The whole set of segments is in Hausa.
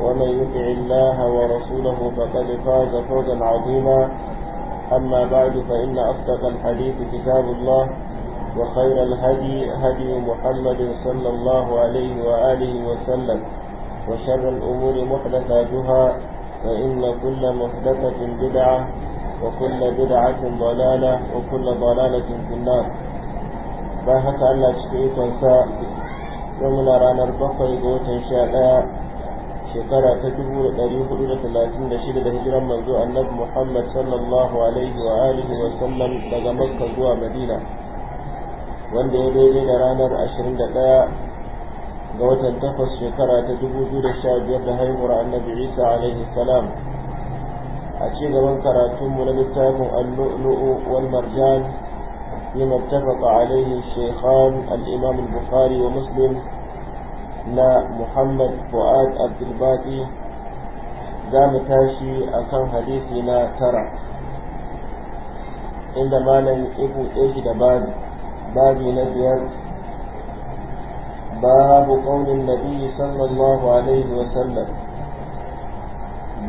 ومن يطع الله ورسوله فقد فاز فوزا عظيما أما بعد فإن أصدق الحديث كتاب الله وخير الهدي هدي محمد صلى الله عليه وآله وسلم وشر الأمور محدثاتها فإن كل محدثة بدعة وكل بدعة ضلالة وكل ضلالة في النار باهك الله تشكيك ونساء يومنا رانا البقر يقول إن شاء الله shekara ta dubu da ɗari hudu da talatin da shida da hijiran manzo annabi Muhammad sallallahu alaihi wa alihi wa sallam daga Makka zuwa Madina wanda ya daidai da ranar ashirin da ɗaya ga watan takwas shekara ta dubu biyu da sha biyar da haihuwar annabi Isa alaihi salam a ci gaban karatunmu na littafin al-lu'lu'u wal marjan فيما اتفق عليه الشيخان الإمام wa ومسلم na muhammad fu'ad abdulbaki za mu tashi a kan hadisi na tara inda malam ibu shi da babi babi na biyar babu ƙaunin nabi sallallahu alaihi wasallam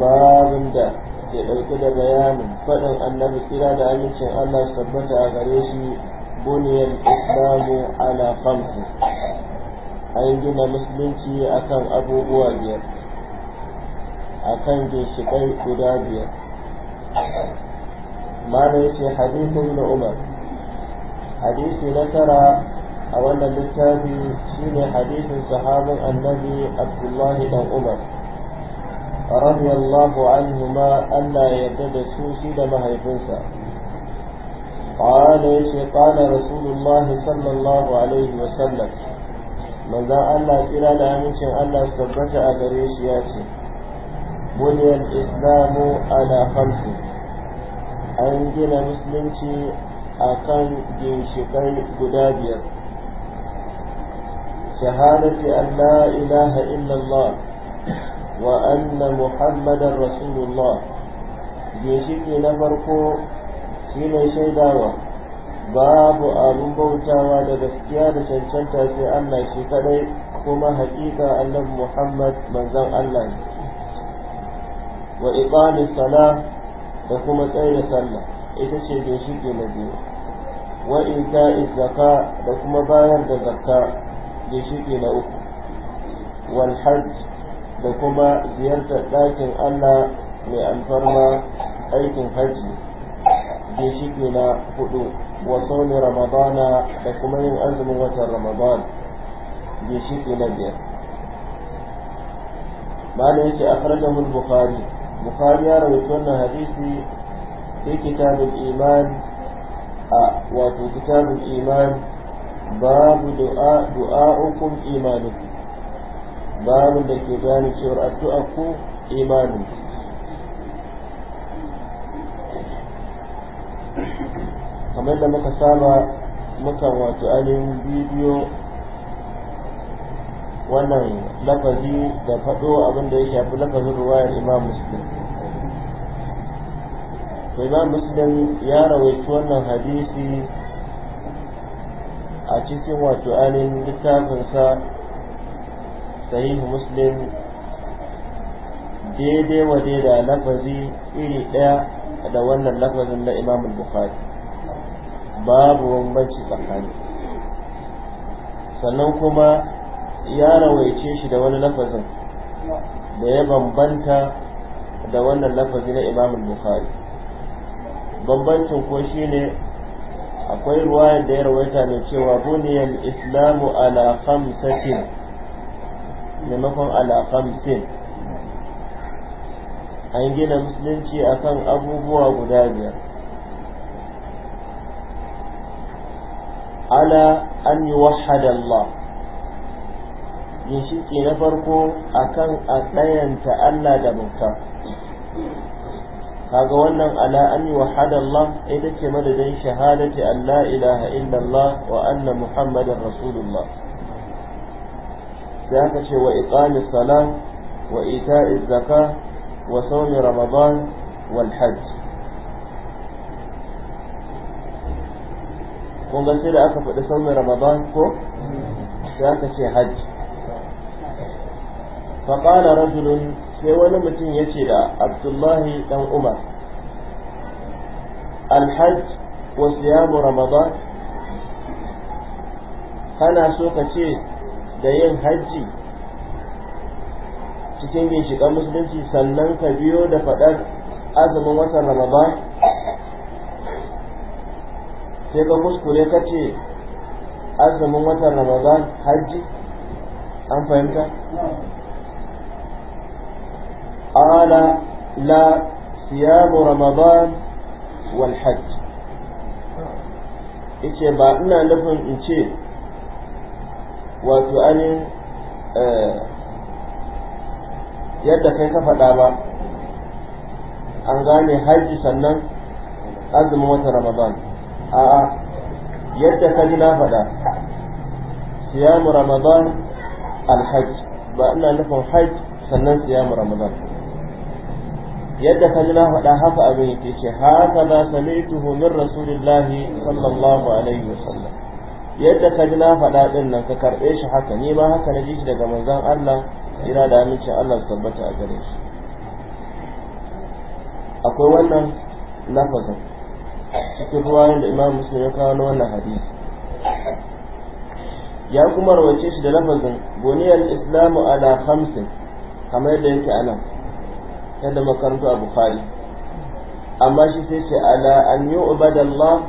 babin da ke ɗauke da bayanin faɗin annabi kira da amincin allah tabbata a gare shi buniyar islamu ala khamsin an gina musulunci akan abubuwa biyar akan ginshiƙai guda biyar mana yake hadisin na umar hadisi na tara a wannan littafi shine hadisin sahabin annabi abdullahi dan umar radiyallahu anhuma allah ya yarda da su shi da mahaifinsa قال ya قال رسول الله صلى الله عليه وسلم manzan Allah kira da amincin Allah su tabbata a gare shi ya ce buniyar islamu ala hamsin an gina musulunci a kan ginshiƙai guda biyar shahadati an la ilaha illallah wa anna muhammadan rasulullah ginshiki na farko shine shaidawa babu abin bautawa da gaskiya da cancanta sai Allah shi kadai kuma haƙiƙa Allah Muhammad manzon Allah ne wa iqamis Salah da kuma tsaye sallah ita ce ginshiki na biyu wa ita'iz zaka da kuma bayar da zakka ginshiki na uku wal hajj da kuma ziyartar ɗakin Allah mai alfarma aikin hajji ginshiki na hudu wa sauni ramadana da kuma yin azumin watan ramadan ginshiki na biyar mana yake mun al-bukhari bukhari ya rawaito wannan hadisi fi kitabul iman a wato kitabul iman babu du'a du'a'ukum imanukum babun da ke gani cewar addu'a ku imanukum kamar da muka saba mukan wato ainihin bidiyo wannan lafazi da faɗo abinda da ya shafi lafazin ruwayar imam muslim to imam muslim ya rawaitu wannan hadisi a cikin wato ainihin littafinsa sahihu muslim daidai wa da lafazi iri ɗaya da wannan lafazin na imam bukhari babu bambanci tsakani sannan kuma ya rawaice shi da wani lafazin da ya bambanta da wannan lafazi na imamul bukhari bambancin ko shi ne akwai ruwayar da ya rawaita mai cewa buniyar islamu ala khamsatin maimakon ala khamsin an gina musulunci akan abubuwa guda biyar ala an yi Allah ginshiki na farko akan a tsayanta Allah da bauta kaga wannan ala an yi Allah ita ce madadin shahadati an la ilaha illallah wa anna muhammadan rasulullah sai aka ce wa iqamis salat wa ita'iz zakah wa sawmi ramadan wal hajj kun ga sai da aka faɗi saumin ramadan ko sai aka ce hajji faƙala rajulun sai wani mutum ya ce da abdullahi dan umar alhajj wa siyamu ramadan kana so ka ce da yin hajji cikin ginshiƙan musulunci sannan ka biyo da faɗar azumin watan ramadan sai ka kuskure ka ce azumin watan ramadan hajji an fahimta ala la siyamu ramadan wal hajj yace ba ina nufin in ce wato anin eh, yadda kai ka faɗa ba an gane hajji sannan azumin watan ramadan a'a yadda ka ji na faɗa siyamu ramadan alhajj ba ina nufin hajj sannan siyamu ramadan yadda ka ji na faɗa haka abin yake ce haka za sami'tuhu min rasulillahi sallallahu alaihi wasallam yadda ka ji na faɗa ɗin nan ka karɓe shi haka ni ma haka na ji shi daga manzon Allah ina da amincin Allah tabbata a gare shi akwai wannan lafazin cikin ruwanin da imam muslim ya kawo na wannan hadisi ya kuma rawace shi da lafazin buniyar islamu ala hamsin kamar yadda yake a nan yadda makarantu a bukhari amma shi sai ce ala an yi ubadallah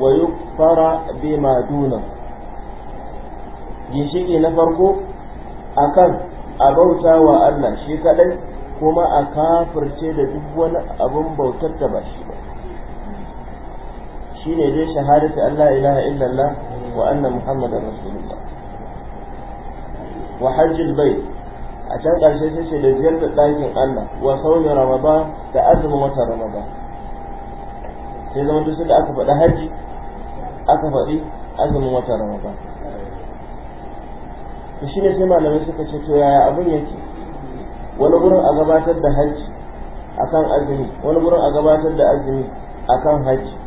wa yi fara bi maduna ginshiki na farko akan a bauta wa allah shi kaɗai kuma a kafirce da duk wani abin bautar da ba shi shine dai shahadatu Allah la ilaha illallah wa anna muhammadar rasulullah wa hajjul bait a can ƙarshe sai ce da ziyartar ɗakin Allah wa sauni ramadan da azumin watan ramadan sai zama duk da aka faɗi haji aka faɗi azumin watan ramadan to shine sai malamai suka ce to yaya abin yake wani gurin a gabatar da haji akan azumi wani gurin a gabatar da azumi akan haji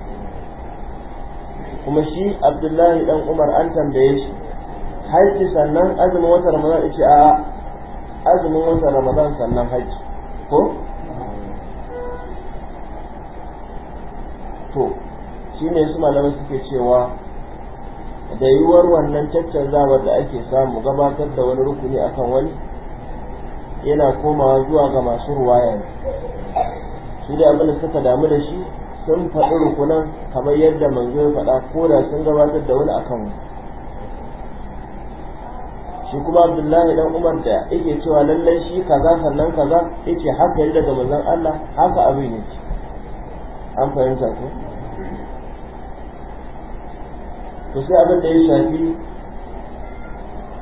kuma shi abdullahi dan umar an tambaye shi haji sannan azumin wata ramadan ce a azumin wata ramadan sannan haji ko to shi ne su malamai suke cewa da yiwuwar wannan caccanzawar da ake samu gabatar da wani rukuni akan wani yana komawa zuwa ga masu ruwaya su da abin da suka damu da shi sun faɗi rukunan kamar yadda manzo ya faɗa ko da sun gabatar da wani akan wani shi kuma abdullahi dan umar da yake cewa lallai shi kaza sannan kaza yake haka yadda daga manzon Allah haka abin yake an fahimta ko to sai abin da ya shafi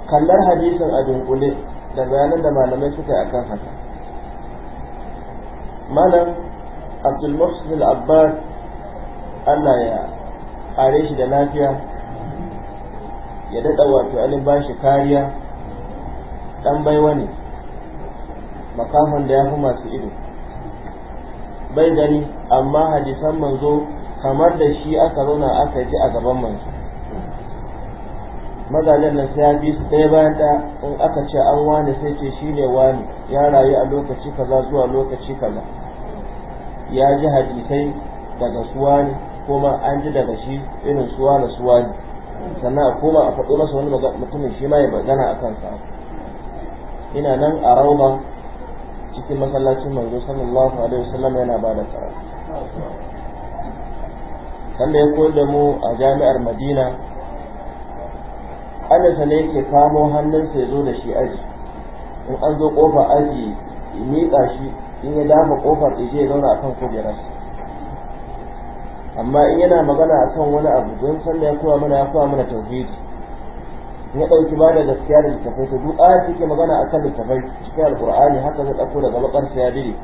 kallar hadisin a dunkule da bayanan da malamai suka yi akan haka malam abdul muhsin al-abbas Allah ya kare shi da lafiya ya daɗa wato alin ba shi kariya ɗan baiwa ne makahon da ya fi masu ido bai gani amma hadisan manzo kamar da shi aka rona aka ji a gaban manzo mazajen nan sai bi su ɗaya bayan ɗaya in aka ce an wani sai ce shi ne wani ya rayu a lokaci kaza zuwa lokaci kaza ya ji hadisai daga su wani koma an ji daga shi irin suwa na suwa ne sannan a koma a faɗo masa wani mutumin shi ma ya magana a kansa ina nan a rauma cikin masallacin manzo sallallahu alaihi wasallam yana ba da tsara sanda ya koyar da mu a jami'ar madina annasa ne yake kamo hannunsa ya zo da shi aji in an zo kofar aji ya miƙa shi in ya dafa kofar ije ya zauna akan kujerar amma in yana magana a kan wani abu don da ya kowa mana ya kowa mana tauhidi ya ɗauki ba da gaskiya da littafai ta duk ayat ke magana a kan littafai cikin alƙur'ani haka zai ɗauko daga bakar ya biri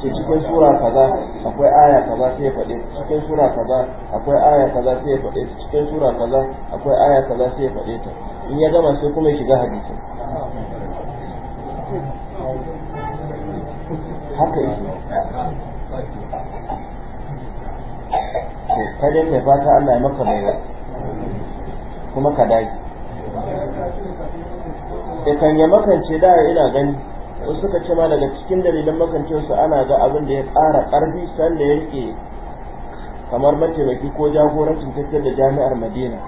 ce cikin sura kaza akwai aya kaza sai ya faɗe cikin sura kaza akwai aya kaza sai ya faɗe cikin sura kaza akwai aya kaza sai ya faɗe ta in ya gama sai kuma ya shiga hadisi haka yake kai dai kai fata Allah ya maka mai kuma ka dai da kan ya makance da ina gani wasu suka ce ma daga cikin dalilan su ana ga abin da ya ƙara ƙarfi sanda ya rike kamar mataimaki ko jagorancin tafiyar da jami'ar madina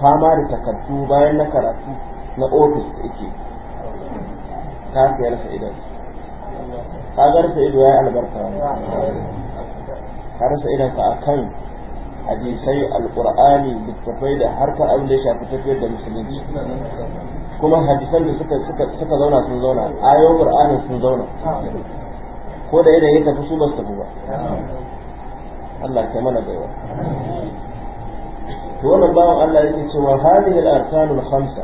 fama da takardu bayan na karatu na ofis da yake sa idan kagarsa ido ya albarka kagarsa idan a kan hadisai alqur'ani littafai da harkar abin da ya shafi tafiyar da musulunci kuma hadisan da suka suka zauna sun zauna ayoyin qur'anin sun zauna ko da yadda ya tafi su ba su tafi ba Allah ya mana baiwa to wannan bawan Allah yake cewa hadhihi al-arkanul khamsa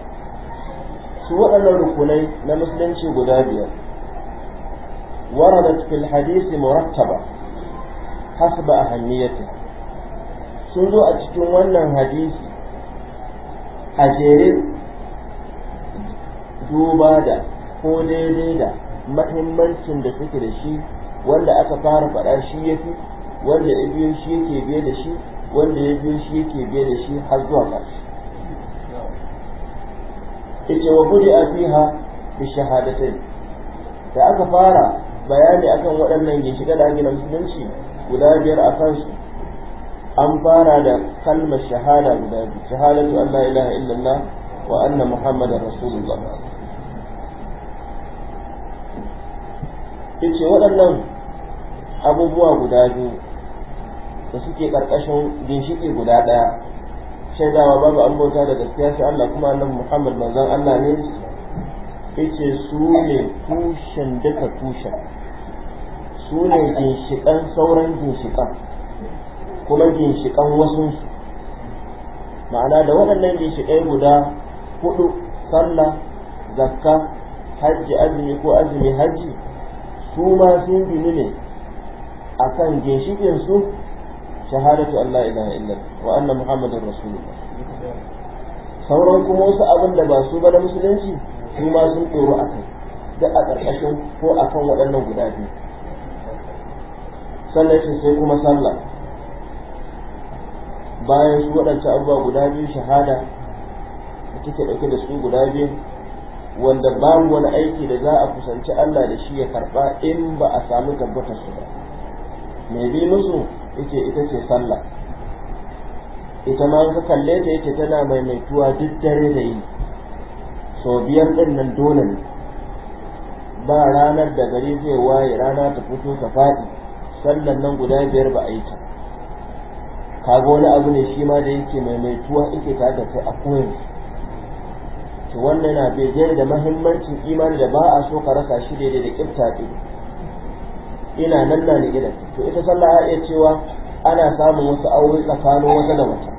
su waɗannan rukunai na musulunci guda biyar waradat fil hadisi murattaba hasba ahammiyatiha sun zo a cikin wannan hadisi a jere duba da ko daidai da mahimmancin da suke da shi wanda aka fara faɗa shi ya fi wanda ya biyo shi yake biye da shi wanda ya biyo shi yake biye da shi har zuwa ƙarshe ita wa budi a fiha bi shahadatain da aka fara bayani akan waɗannan ginshiƙa da gina musulunci guda biyar a kansu an fara da kalmar shahada guda biyu shahadatu an la ilaha illallah wa anna muhammadar rasulullah ce waɗannan abubuwa guda biyu da suke ƙarƙashin ginshiƙi guda ɗaya shaidawa babu an bauta da gaskiya sai Allah kuma annabi Muhammad manzon Allah ne yace su ne tushen duka tushen su ne ginshiƙan sauran ginshiƙan kuma ginshiƙan wasu ma'ana da waɗannan ginshikai guda hudu sallah zakka hajji azumi ko azumi hajji su ma sun gini ne a kan ginshiƙinsu shahadatu Allah ilaha illa wa anna muhammadin rasulullah sauran kuma wasu abin da ba su ba na musulunci su ma sun tsoro a kai duk a ƙarƙashin ko a kan waɗannan guda biyu sannan sai kuma sallah bayan su waɗancan abubuwa guda biyu shahada da take ɗauke da su guda biyu wanda babu wani aiki da za a kusanci Allah da shi ya karɓa in ba a samu tabbatar su ba mai bi musu yake ita ce sallah ita ma ka kalle ta yake tana maimaituwa duk dare da yi sau biyar ɗin nan dole ne ba ranar da gari zai waye rana ta fito ta faɗi sallan nan guda biyar ba a yi ta kaga wani abu ne shi ma da yake maimaituwa yake tare da kai a koyaushe to wannan na bejiyar da mahimmancin imani da ba a so ka rasa shi daidai da kifta ɗin ina nan na ni to ita sallah a iya cewa ana samun wasu aure tsakanin wata da wata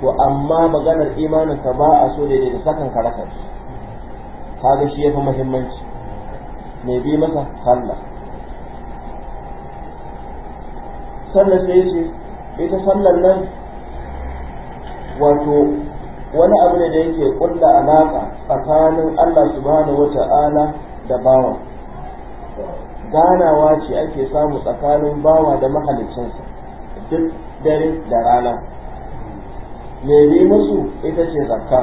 to amma maganar imanin ka ba a so daidai da sakan ka rasa shi kaga shi yafi muhimmanci mai bi masa sallah sannan sai ce ita sallar nan wato wani abu ne da yake kulla alaka tsakanin Allah subhanahu wata'ala da bawa ganawa ce ake samu tsakanin bawa da mahaliccinsa duk dare da rana mai musu ita ce zakka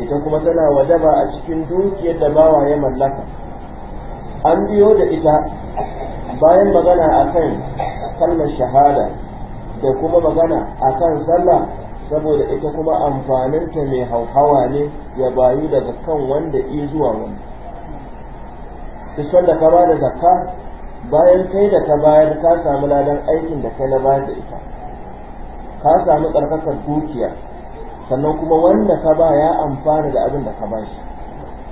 ita kuma tana wadaba a cikin dukiyar da bawa ya mallaka an biyo da ita bayan magana akan kan kalmar shahada da kuma magana a kan sallah saboda ita kuma amfaninta mai hauhawa ne ya bayu daga kan wanda i zuwa wani duk da ka ba da zakka bayan kai da ka bayar ka samu ladan aikin da kai na bayar ita ka samu tsarkakar dukiya sannan kuma wanda ka ba ya amfana da abin da ka bashi,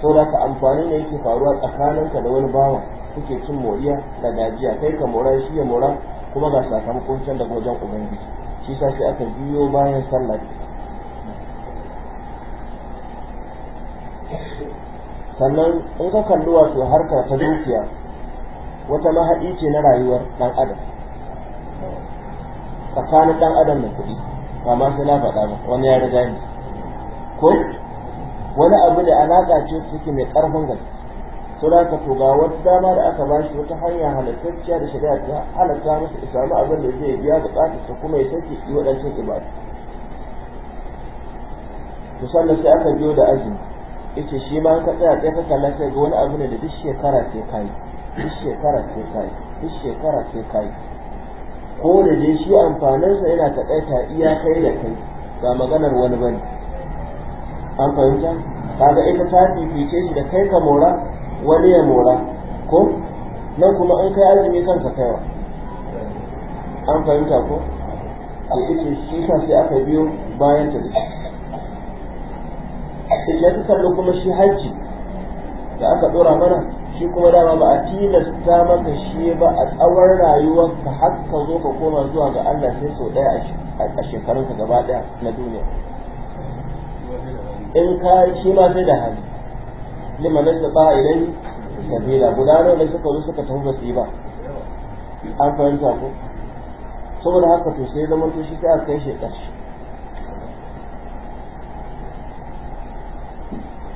shi da ka amfani ne yake faruwa tsakaninka da wani bawa kuke cin moriya da gajiya kai ka mora shi ya mora kuma ga sakamakon can daga wajen ubangiji shi sa sai aka biyo bayan sallah sannan in ka kalli wato harka ta dukiya wata mahaɗi ce na rayuwar ɗan adam tsakanin ɗan adam da kuɗi ba ma sai na faɗa ba wani ya riga ni ko wani abu da alaƙa ce suke mai ƙarfin gaske kuna ka to ga wata dama da aka bashi wata hanya halattacciya da shari'a ta halatta musu ya abin da zai biya bukatar su kuma ya sake yi waɗancan ibada to sannan sai aka biyo da azumi yace shi ma ka tsaya tsaye ka kalla sai ga wani abu ne da duk shekara sai kai duk shekara sai kai duk shekara sai kai ko da dai shi amfanin sa yana taƙaita iya kai da kai ga maganar wani bane an fahimta kaga ita ta fifice shi da kai ka mora wani ya mora ko nan kuma an kai azumi kanka kaiwa an fahimta ko al'ike shi sa sai aka biyo bayan ta duka ya ta kalli kuma shi hajji da aka dora mana shi kuma dama ba a tilasta maka shi ba a tsawon rayuwa har ka zo ka koma zuwa ga Allah sai sau ɗaya a shekarunka gaba ɗaya na duniya in ka shi ma sai da hali liman a ilayhi sabila guda nawa ne suka zo suka tafi basu yi ba an fahimta ko saboda haka to sai zaman to shi sai aka kai shi ƙarshe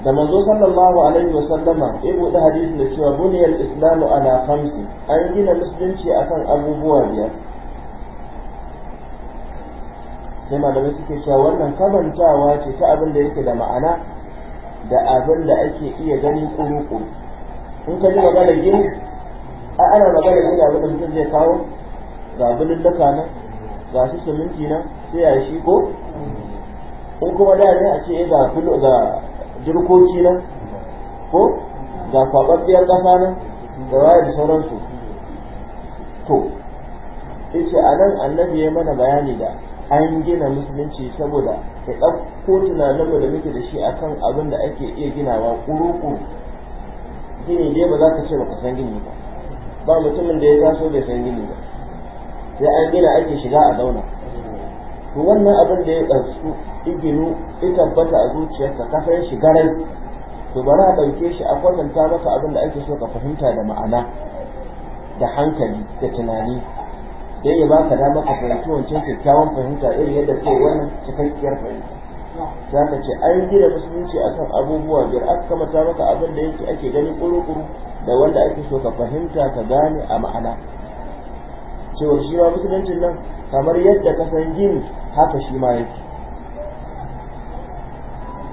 da manzo sallallahu alaihi wasallama ya buɗe hadisi da cewa buniyar islamu ala khamsi an gina musulunci akan abubuwa biyar sai malamai suke cewa wannan kamantawa ce ta abin da yake da ma'ana da abin da ake iya gani kuru-kuru in ka ji magana gini a ana magana gini abin da mutum zai kawo ga daka nan ga su siminti nan sai ya shi ko in kuma da ne a ce eh, ga filo jirkoki nan ko ga kwababbiyar ƙasa nan da waye da sauransu to Ita a nan annabi ya mana bayani da an gina musulunci saboda ya ɗauko mu da muke da shi akan abin da ake iya ginawa ƙuruƙu gini dai ba za ka ce baka san gini ba ba mutumin da ya taso bai san gini ba sai an gina ake shiga a zauna to wannan abin da ya ɗansu iginu ya tabbata a zuciyarka ka san shi garai to bari a ɗauke shi a kwatanta maka abin da ake so ka fahimta da ma'ana da hankali da tunani sai ya baka dama a karatu wancan kyakkyawan fahimta irin yadda kai wannan cikakkiyar fahimta za ka ce an gina musulunci akan abubuwa biyar aka kamata maka abin da yake ake gani kuru-kuru da wanda ake so ka fahimta ka gane a ma'ana cewar shi ma musuluncin nan kamar yadda ka san gini haka shi ma yake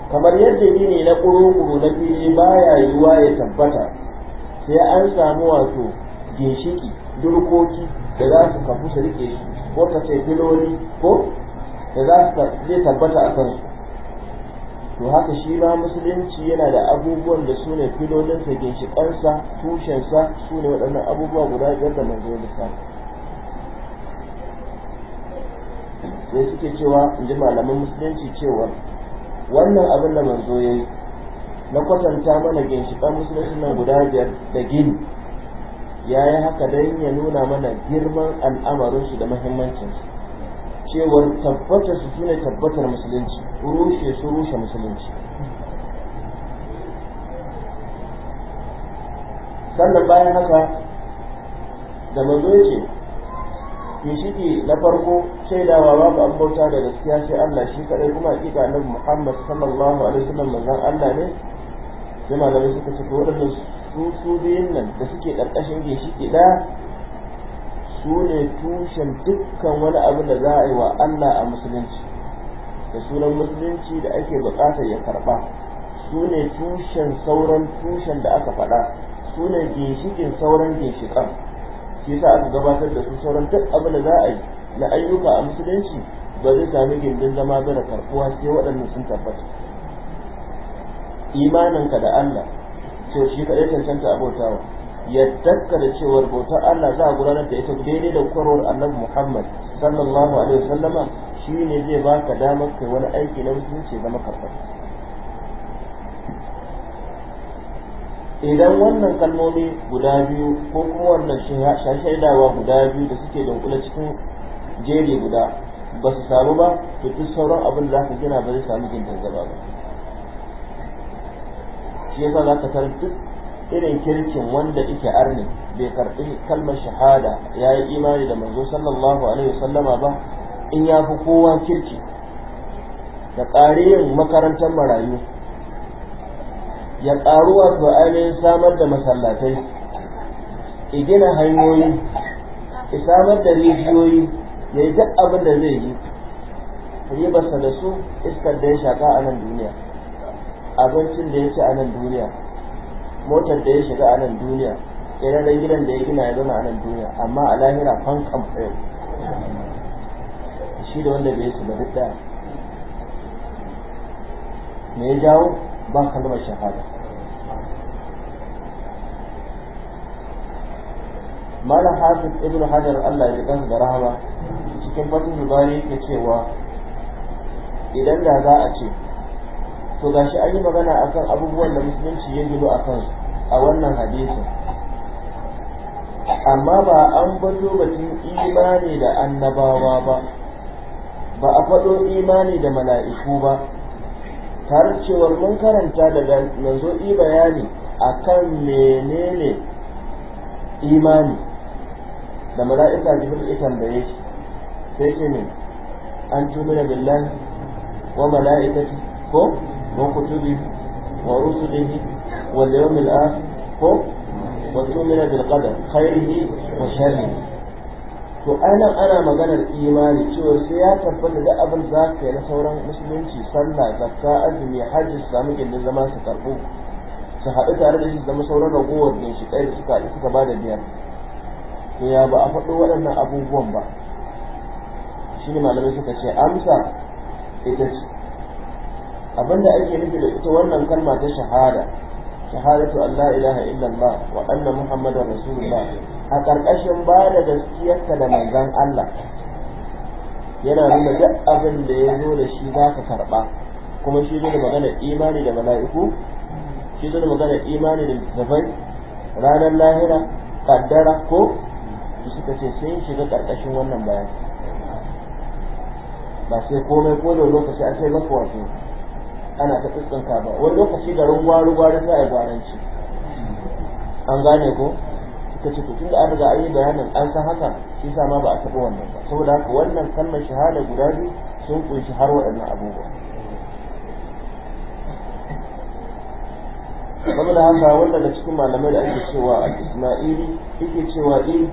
kamar yadda gini na kuru-kuru na fili baya yiwuwa ya tabbata sai an samu wato ginshiki durkoki da za su kafu su rike shi ko ka ce filoli ko da za su zai tabbata a kansu to haka shi ba musulunci yana da abubuwan da su ne filolinsa ginshiƙansa tushensa su ne waɗannan abubuwa guda biyar da manzo da sa sai suke cewa in ji malaman musulunci cewa wannan abin da manzo ya yi na kwatanta mana ginshiƙan musulunci nan guda biyar da gini ya yi haka don ya nuna mana girman al'amarinsu da mahimmancinsu cewar tabbatar su shine tabbatar musulunci rushe su rushe musulunci sannan bayan haka da mazo ce ginshiki na farko shaidawa babu an bauta da gaskiya sai Allah shi kadai kuma hakika annabi Muhammad sallallahu alaihi wasallam manzon Allah ne sai malamai suka ce waɗannan su biyun nan da suke ƙarƙashin ginshiki ɗaya su ne tushen dukkan wani abu da za a yi wa Allah a musulunci da sunan musulunci da ake buƙatar ya karɓa su ne tushen sauran tushen da aka faɗa su ne ginshikin sauran ginshikan, shi sa aka gabatar da su sauran duk abu da za a yi na ayyuka a musulunci ba zai sami gindin zama ba da karɓuwa sai waɗannan sun tabbata imaninka da Allah sai shi kaɗai cancanta abotawa ya da cewar bota Allah za a gudanar da ita daidai da kwarwar annabi Muhammad sallallahu alaihi wasallama shi ne zai baka damar kai wani aiki na musulunci zama karɓar idan wannan kalmomi guda biyu ko kuma wannan shaidawa guda biyu da suke dunkule cikin jeri guda ba su samu ba to duk sauran abin da za ka gina ba zai samu jin ba shi yasa zaka tar duk irin kirkin wanda yake arni bai karɓi kalmar shahada yayi imani da manzo sallallahu alaihi wasallama ba in ya fi kowa kirki da ƙariyin makarantar marayu ya ƙaru wato ainihin samar da masallatai ya hanyoyi ya samar da rijiyoyi ya yi duk abin da zai yi ribarsa da su iskar da ya shaƙa a nan duniya abincin da ya ci a nan duniya motar da ya shiga a nan duniya irin gidan da ya gina ya zama a nan duniya amma a lahira fankan fayo shi da wanda bai su ba duk daya me ya jawo ba kalmar shahada malam hafiz ibn hajar allah ya kansa da rahama cikin fatin zubari yake cewa idan da za a ce to ga shi an yi magana a kan abubuwan da musulunci ya a kansu, a wannan hadisin amma ba an bato batun imani da annabawa ba ba a faɗo imani da mala'iku ba tare cewar mun karanta daga manzo i bayani kan menene imani da mala'ika jibril ikan da yake sai ce ne an tumina billahi wa mala'ikati ko وكتبه ورسله واليوم الآخر وتؤمن بالقدر خيره وشره to anan ana maganar imani cewa sai ya tabbata da abin za ka yi na sauran musulunci sallah zakka azumi hajji su samu gindin zama su karɓo su haɗu tare da shi zama sauran ragowar da shi ɗaya da suka haɗu suka ba da biyar to ya ba a faɗo waɗannan abubuwan ba shi ne malamai suka ce amsa ita ce da ake nufi da ita wannan kalma ta shahada shahadatu an la ilaha illallah wa anna muhammadar rasulullah a ƙarƙashin ba da gaskiyarka da manzon Allah yana nuna duk abin da ya zo da shi za ka karɓa kuma shi zo da magana imani da mala'iku shi zo da magana imani da littattafai ranar lahira kaddara ko su suka ce sai shiga ƙarƙashin wannan bayan ba sai komai ko da lokaci a sai maka wato ana ta ka ba wani lokaci da ruwa ruwa da sai a yi an gane ko ta ce tun da an riga ayi bayanin an san haka shi sa ma ba a taɓa wannan ba saboda haka wannan kalmar shahada guda biyu sun kunshi har waɗannan abubuwa saboda haka wanda da cikin malamai da ake cewa a isma'ili yake cewa in eh,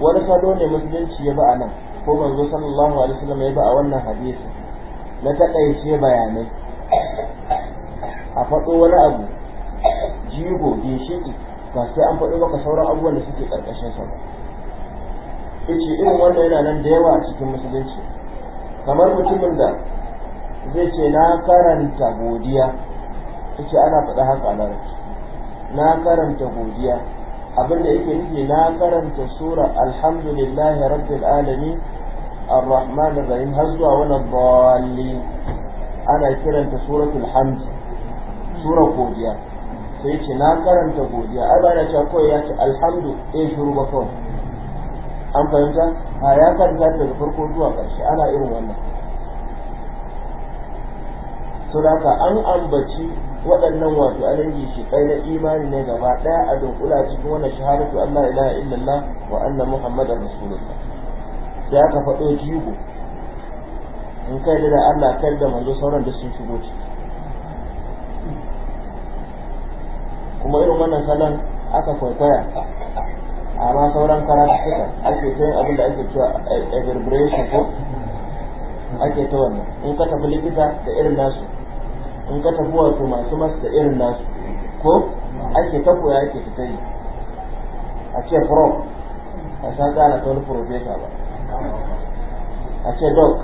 wani salo ne musulunci ya ba a nan ko manzo sallallahu alaihi wasallam ya ba a wannan hadisi na taƙaice bayanai a faɗo wani abu jigo shi ba sai an faɗo maka sauran abubuwan da suke ƙarƙashin sa ba yace irin wannan yana nan da yawa a cikin musulunci kamar mutumin da zai ce na karanta godiya yace ana faɗa haka a na karanta godiya abin da yake nufi na karanta sura alhamdulillahi rabbil alamin الرحمن الرحيم هزوا ولا الضالين ana kiranta suratul hamd sura godiya sai ce na karanta godiya ai ba na cewa kawai ya ce alhamdu eh shuru ba kawai an fahimta a ya karanta daga farko zuwa ƙarshe ana irin wannan to haka an ambaci waɗannan wato shi kai na imani ne gaba ɗaya a dunkula cikin wannan shahadatu Allah ilaha illallah wa anna muhammadar rasulullah sai aka faɗo jigo in kai da Allah kai da manzo sauran da sun shigo ciki kuma irin wannan salon aka kwaikwaya amma sauran karatuka ake sayan abin da ake cewa evirbration ko ake ta wannan in ka tafi likita da irin nasu in ka tafi wato masu masu da irin nasu ko ake ta koya ake ta yi a ce pro a san gana ta wani profesa ba a ce doc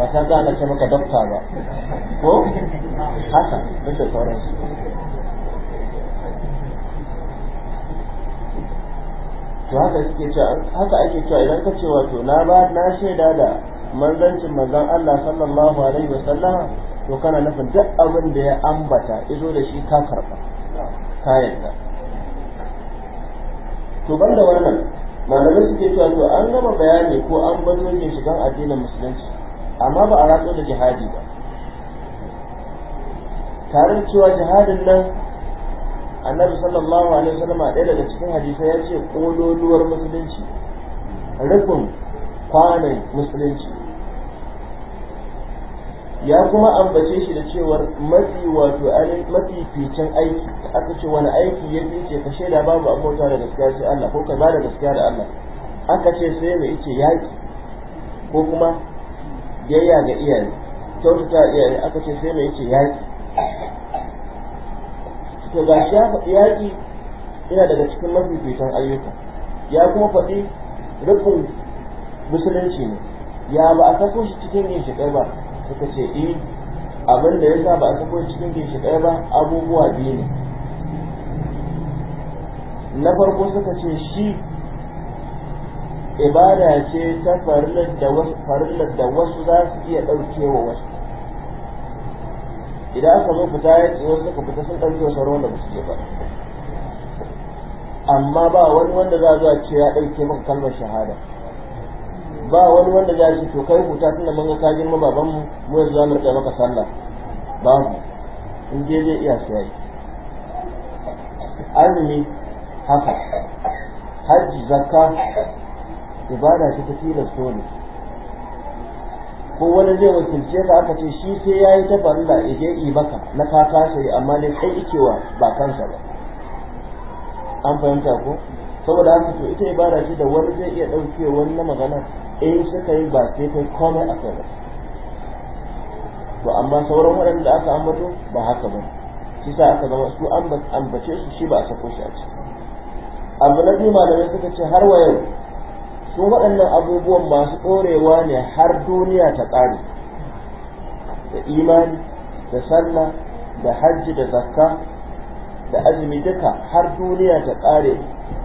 ba san gana ta maka dokta ba ko haka duk da sauransu to haka suke cewa haka ake cewa idan ka ce wato na ba na shaida da manzancin manzon Allah sallallahu alaihi wa sallama to kana nufin duk abin da ya ambata izo da shi ka karba ka yarda to banda wannan malamai suke cewa to an gama bayani ko an bazo ne shigan addinin musulunci amma ba a ratso da jihadi ba tare cewa jihadin nan annabi sallallahu alaihi wasallam ɗaya daga cikin hadisai ya ce kololuwar musulunci rufin kwanan musulunci ya kuma ambace shi da cewar mafi wato mafi ficin aiki aka ce wani aiki ya fice ka shaida babu abota da gaskiya sai Allah ko ka bada gaskiya da Allah aka ce sai mai ce yaki ko kuma yayya ga iyaye kyautata iyaye aka ce sai mai ce yaki to ga shi faɗi yaƙi yana daga cikin mafificin ayyuka ya kuma faɗi rufin musulunci ne ya ba a sako shi cikin yin ba suka ce i eh, abin da ya sa ba a sako shi cikin yin ba abubuwa biyu ne na farko suka ce shi ibada ce ta farillar da wasu za su iya ɗaukewa wasu idan aka zo fita ya ce wasu suka fita sun ɗauke wasu ruwan da ba su je ba amma ba wani wanda za a zuwa ce ya ɗauke maka kalmar shahada ba wani wanda za a ce to kai huta tunda mun ga ka girma babanmu mu yanzu za mu riƙe maka sallah mu in je zai iya su azumi haka hajji zakka ibada ce ta tilasta ne ko wani zai wakilce ka aka ce shi sai ya yi ta farilla ya yi maka na ka kasa yi amma ne kai ikewa ba kansa ba an fahimta ko saboda haka to ita ibada ce da wani zai iya ɗauke wani na magana eh suka yi ba sai kai komai a kai to amma sauran waɗanda aka ambato ba haka ba shi sa aka zama su ambace su shi ba a sako shi a ciki abu na biyu malamai suka ce har wa yau su waɗannan abubuwan masu ɗorewa ne har duniya ta ƙare da imani da sallah da hajji da zakka da azumi duka har duniya ta ƙare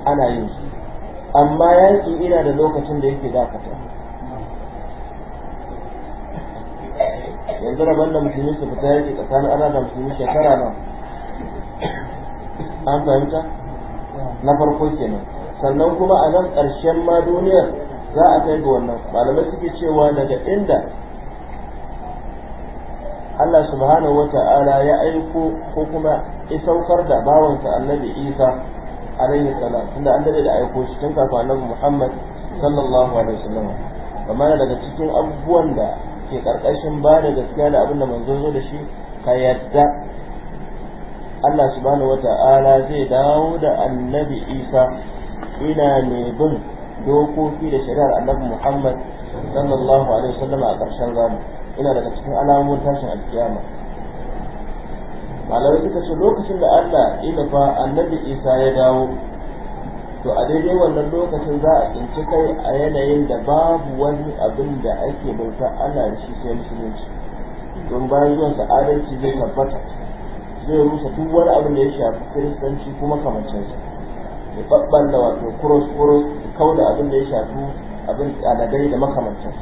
ana yin su amma yaƙi ina da lokacin da yake dakata yanzu rabon da musulmi su fita yake tsakanin ana da musulmi shekara na an fahimta na farko kenan sannan kuma a nan ƙarshen ma duniyar za a kai ga wannan malamai suke cewa daga inda Allah subhanahu wa ta'ala ya aiko ko kuma saukar da bawansa annabi Isa alaihi salam tunda an dade da aiko shi tun kafin annabi Muhammad sallallahu alaihi wasallam amma daga cikin abubuwan da ke karkashin ba da gaskiya da abin da manzo zo da shi ka yadda Allah subhanahu wa ta'ala zai dawo da annabi Isa ina mai bin dokoki da shari'ar annabi Muhammad sallallahu alaihi wasallam a ƙarshen zamani ina daga cikin alamomin tashin alkiyama malamai suka ce lokacin da Allah ya fa annabi Isa ya dawo to a daidai wannan lokacin za a tsinci kai a yanayin da babu wani abin da ake bauta ana da shi sai musulunci don bayan zuwan sa adalci zai tabbata zai rusa duk wani abin da ya shafi kiristanci kuma kamar kamancin ya da wato kuros kuros kau da abin da ya shafi abin aladai da makamantan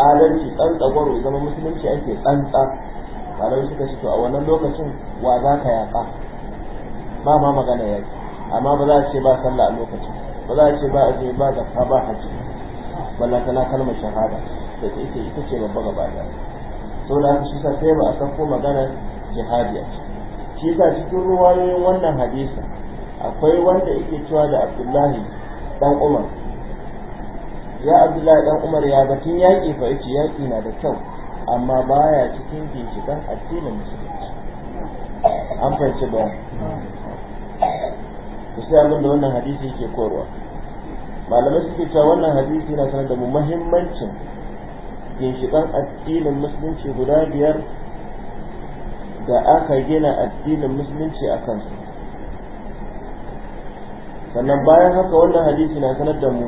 adalci tsantsagwaro zama musulunci ake tsantsa malamai suka ce to a wannan lokacin wa za ka yaƙa ba ma magana yaki amma ba za a ce ba sallah a lokacin ba za a ce ba a je ba zakka ba hajji ballatana kalmar shahada da ita ita ce babba gaba da saboda da shi sa sai ba a sako maganar jihadiya shi sa cikin ruwayoyin wannan hadisa akwai wanda yake cewa da abdullahi dan umar ya abdullahi dan umar ya batun yaƙi fa yace yaƙi na da kyau amma baya cikin ginshiƙan addinin musulunci an fahimci ba ku sai abin da wannan hadisi yake korwa malamai suke cewa wannan hadisi na sanar da mu muhimmancin ginshiƙan addinin musulunci guda biyar da aka gina addinin musulunci a kansu sannan bayan haka wannan hadisi na sanar da mu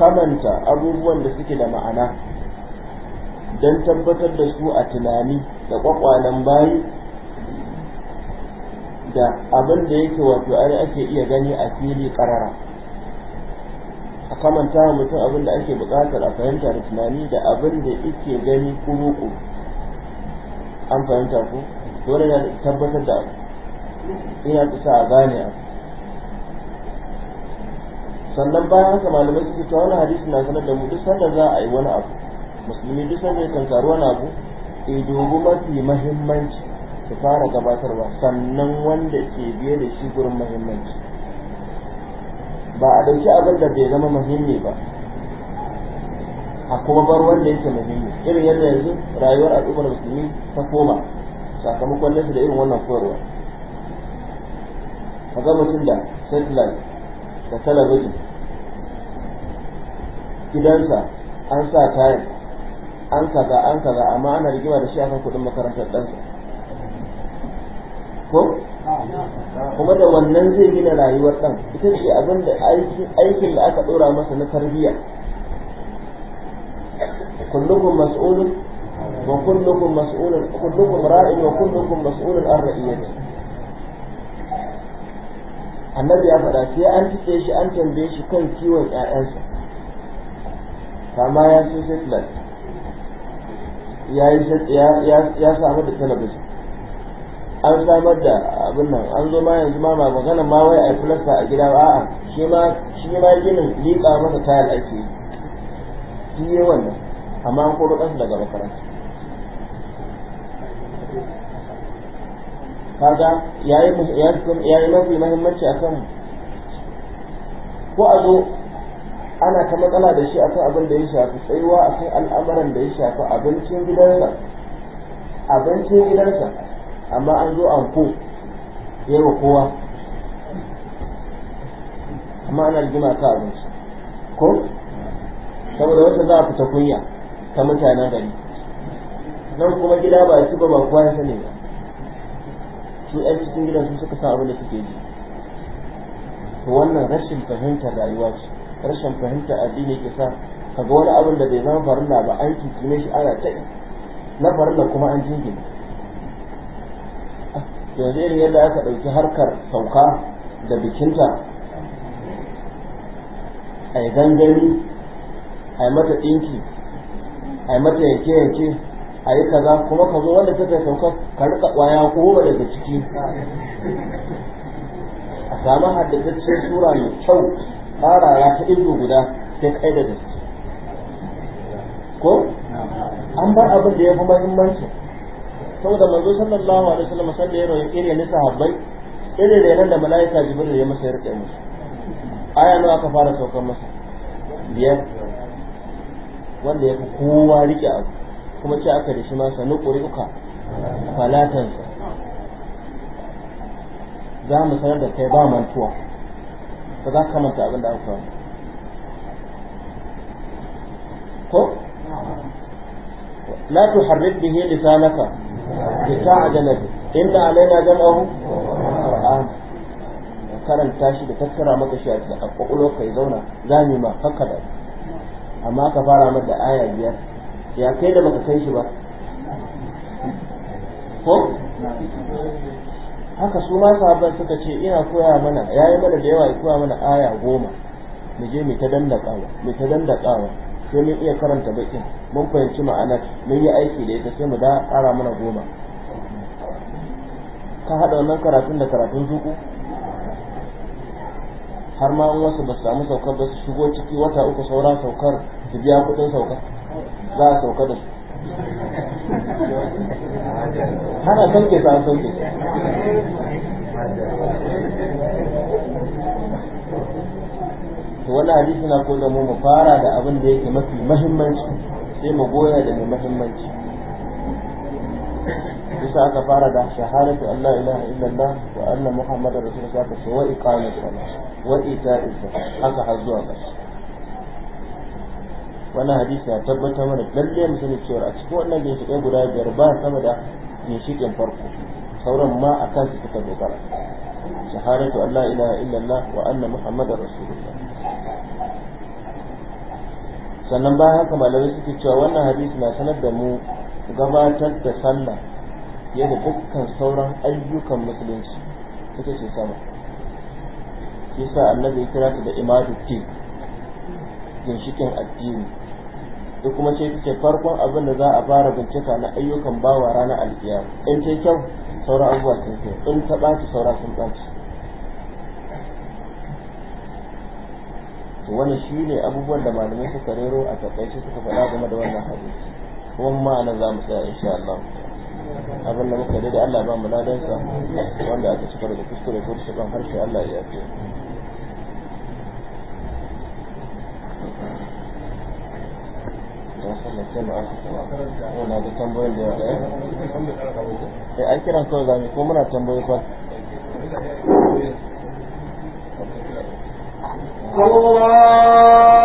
kamanta abubuwan da suke da ma'ana don tabbatar da su a tunani da kwakwalen bayi da abin da yake wato ai ake iya gani a fili karara a kamanta wa mutum abin da ake buƙatar a fahimta da tunani da abin da yake gani kuruku an fahimta ko dole na tabbatar da ina ta sa a gane abu sannan bayan haka malamai suke cewa wannan hadisi na sanar da mu duk sanda za a yi wani abu musulmi duk sanda ya tankari wani abu ke mafi mahimmanci su fara gabatarwa sannan wanda ke biye da shi gurin mahimmanci ba a dauki abin da bai zama muhimmi ba a kuma bar wanda yake muhimmi irin yadda yanzu rayuwar al'ummar musulmi ta koma sakamakon nasu da irin wannan koyarwa ka ga mutum da satellite da talabijin gidansa an sa tayin an kaza an kaza amma ana rigima da shi akan kudin makarantar ɗansa ko kuma da wannan zai gina rayuwar ɗan ita ce abin da aikin da aka ɗora masa na tarbiyya kullukum mas'ulun wa kullukum mas'ulun kullukum ra'in wa kullukum mas'ulun an ra'iyyati annabi ya faɗa sai an tike shi an tambaye shi kan kiwon ƴaƴansa kama ya sai satellite ya samu da talabijin an samar da abin nan an zo ma yanzu ma magana ma wai a filasta a gida ba a shi ma shi ma ginin liƙa masa tayar ake yi shi yi wannan amma an koro ɗansu daga makaranta kaga ya yi mafi muhimmanci akan ko a zo ana ta matsala da shi akan abin da ya shafi tsayuwa akan al'amuran da ya shafi abincin gidansa abincin gidansa amma an zo an ko yawa kowa amma ana rigima ta abinci ko saboda wata za a fita kunya ta mutanen gari nan kuma gida ba su ba ba kowa ya sani ba su yan cikin gidan su suka sa abin da suke ji to wannan rashin fahimtar rayuwa ce rashin fahimta addini ke sa kaga wani abin da bai zama farilla ba an kikime shi ana ta na farilla kuma an jingina yanzu irin yadda aka ɗauki harkar sauka da bikinta a yi gangani a yi mata ɗinki a yi mata yanke-yanke a yi kaza kuma ka zo wanda ta kai saukar ka rika ƙwaya goma daga ciki a samu haddace sura mai kyau ya ta ido guda sai kai da gaske ko an bar abin da ya fi muhimmanci saboda manzo sallallahu alaihi wasallam sallai yana irin ne sahabbai irin ne nan da malaika jibril ya masa rike musu aya nawa aka fara saukar masa biyar wanda ya fi kowa rike abu kuma ce aka da shi ma sanu ƙuri'uka falatansa za mu sanar da kai ba mantuwa ba za ka manta abin da aka faru ko la harrik bihi lisanaka lita'jala bi inda alaina jam'ahu karanta shi da tattara maka shi a kwakwalo kai zauna zami ma haka da amma ka fara mata aya biyar ya kai da baka kai shi ba ko haka su ma sahabban suka ce ina koya mana yi mana da yawa ya koya mana aya goma mu je mu ta dandakawa mu ta dandakawa sai mun iya karanta bakin mun fahimci ma'anar mun yi aiki da ita sai mu da ƙara mana goma ka haɗa wannan karatun da karatun zuku har ma an wasu ba su samu saukar ba su shigo ciki wata uku saura saukar su biya kuɗin saukar za a sauka da su ana sa ta sauke to wani hadisi na ko da mu fara da abin da yake mafi muhimmanci sai mu goya da mai muhimmanci bisa aka fara da shahadatu Allah ilaha illallah wa anna muhammadar rasulullah wa iqamatu wa ita'iz haka har zuwa ƙarshe wannan hadisi ya tabbatar mana lalle mu sani cewa a cikin wannan ginshiƙai guda biyar ba sama da ginshiƙin farko sauran ma a kansu suka dogara shahadatu Allah ilaha illallah wa anna muhammadar rasulullah sannan bayan haka malamai suke cewa wannan hadisi na sanar da mu gabatar da sallah fiye da dukkan sauran ayyukan musulunci ita ce sama shi sa annabi ya kira ta da imadu din ginshikin addini da kuma ce ta ce farkon abin da za a fara bincika na ayyukan bawa ranar alkiyama in ta kyau saura abubuwa sun kyau in ta ɓaci saura sun ɓaci to wannan shi ne abubuwan da malamai suka rero a taƙaice suka faɗa game da wannan hadisi kuma nan za mu tsaya insha Allah abin da muka da Allah ba mu ladansa wanda aka cika da kuskure ko da harshe Allah ya yi Wanda eh, da an kawai zami ko muna tambayi kwan. Allah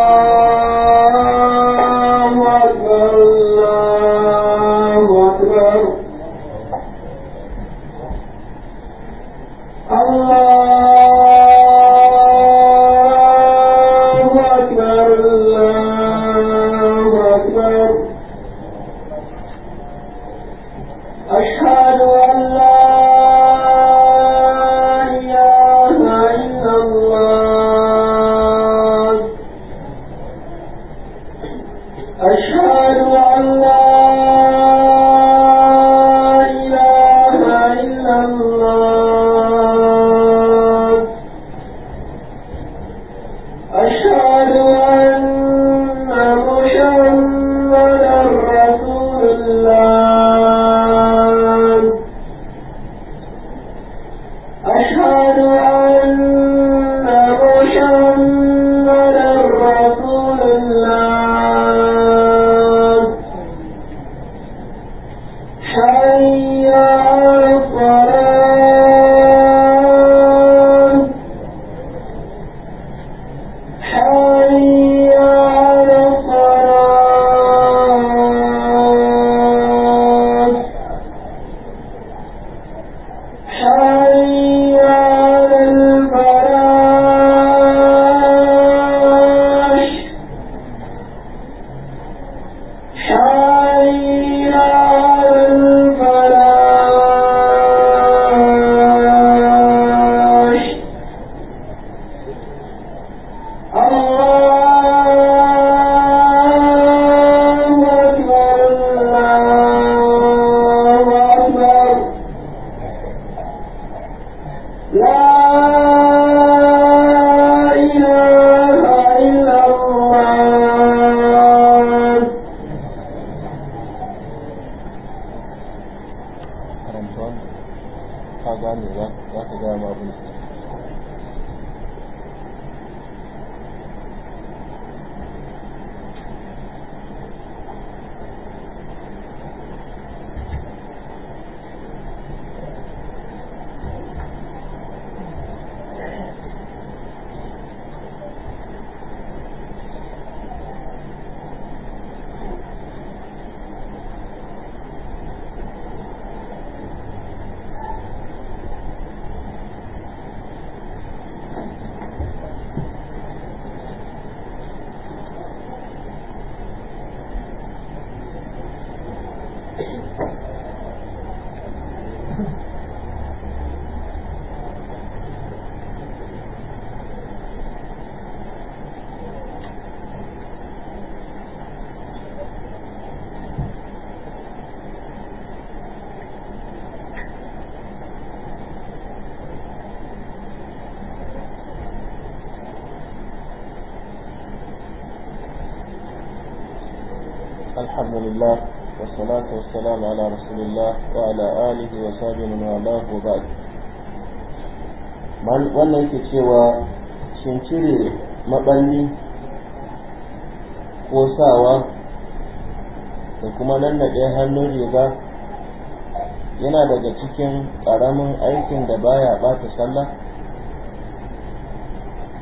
cikin ƙaramin aikin da baya ɓata sallah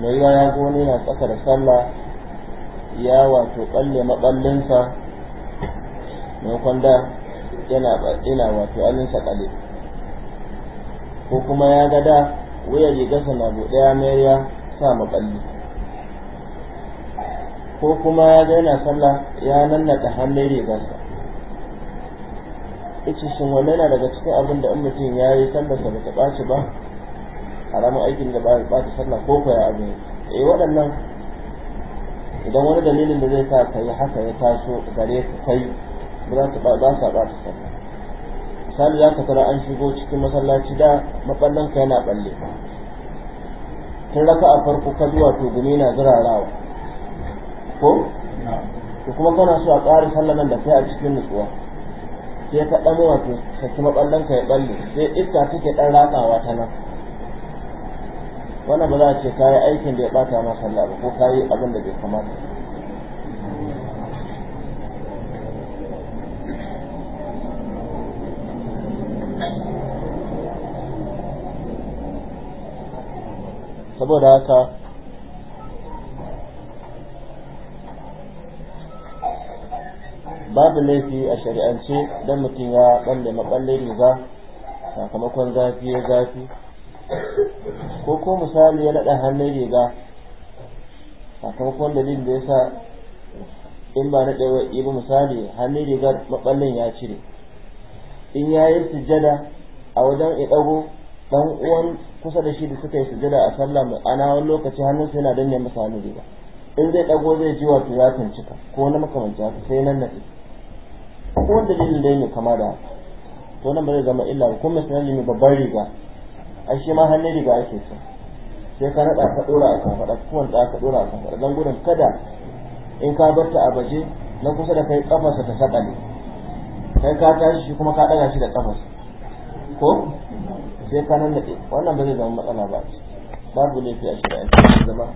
mai ya ya goni na tsaka da sallah ya wato ƙalle maɓallinsa mai da yana wato alinsa ƙale ko kuma ya ga da wuya rigarsa na buɗe ya mayar sa maɓalli ko kuma ya ga yana sallah ya nannaɗa hannun rigarsa yace shin wannan yana daga cikin abin da in mutum ya yi sallarsa ba ta ɓaci ba haramun aikin da ba ta sallah ko ko ya abin eh waɗannan idan wani dalilin da zai sa ka yi haka ya taso gare ka kai ba za ta ba sa ba ta sallah misali za ka tara an shigo cikin masallaci da maballan ka yana balle tun raka a farko ka zuwa to gumi na zirarawa ko to kuma kana so a ƙara sallar nan da kai a cikin nutsuwa sai ka ɗan wato ka kuma ɓallon ka ya ɓalle sai iska take ɗan ratsawa ta nan wannan ba za a ce kayi aikin da ya ɓata ma sallah ba ko kayi abin da bai kamata saboda haka babu laifi a shari'ance don mutum ya da maballe riga sakamakon zafi ya zafi ko ko misali ya naɗa hannun riga sakamakon dalilin da ya sa in ba na ɗaya yi ba misali hannun rigar maɓallin ya cire in ya yi sujada, a wajen ya ɗago ɗan uwan kusa da shi da suka yi sujada a sallah mai ana wani lokaci hannunsa yana danne masa hannun riga in zai ɗago zai ji wato ya tuncika ko na makamanci sai nan na fi ko wanda dalilin da yake kama da to nan ba zai zama illa ko misali ne babban riga a shi ma hannun riga ake so sai ka naɗa ka ɗora a faɗa ko da ka ɗora a faɗa don gudun kada in ka bar ta a baje na kusa da kai kafarsa ta ne kai ka tashi shi kuma ka ɗaga shi da kafarsa ko sai ka nan naɗe wannan ba zai zama matsala ba babu laifi a shirya ake zama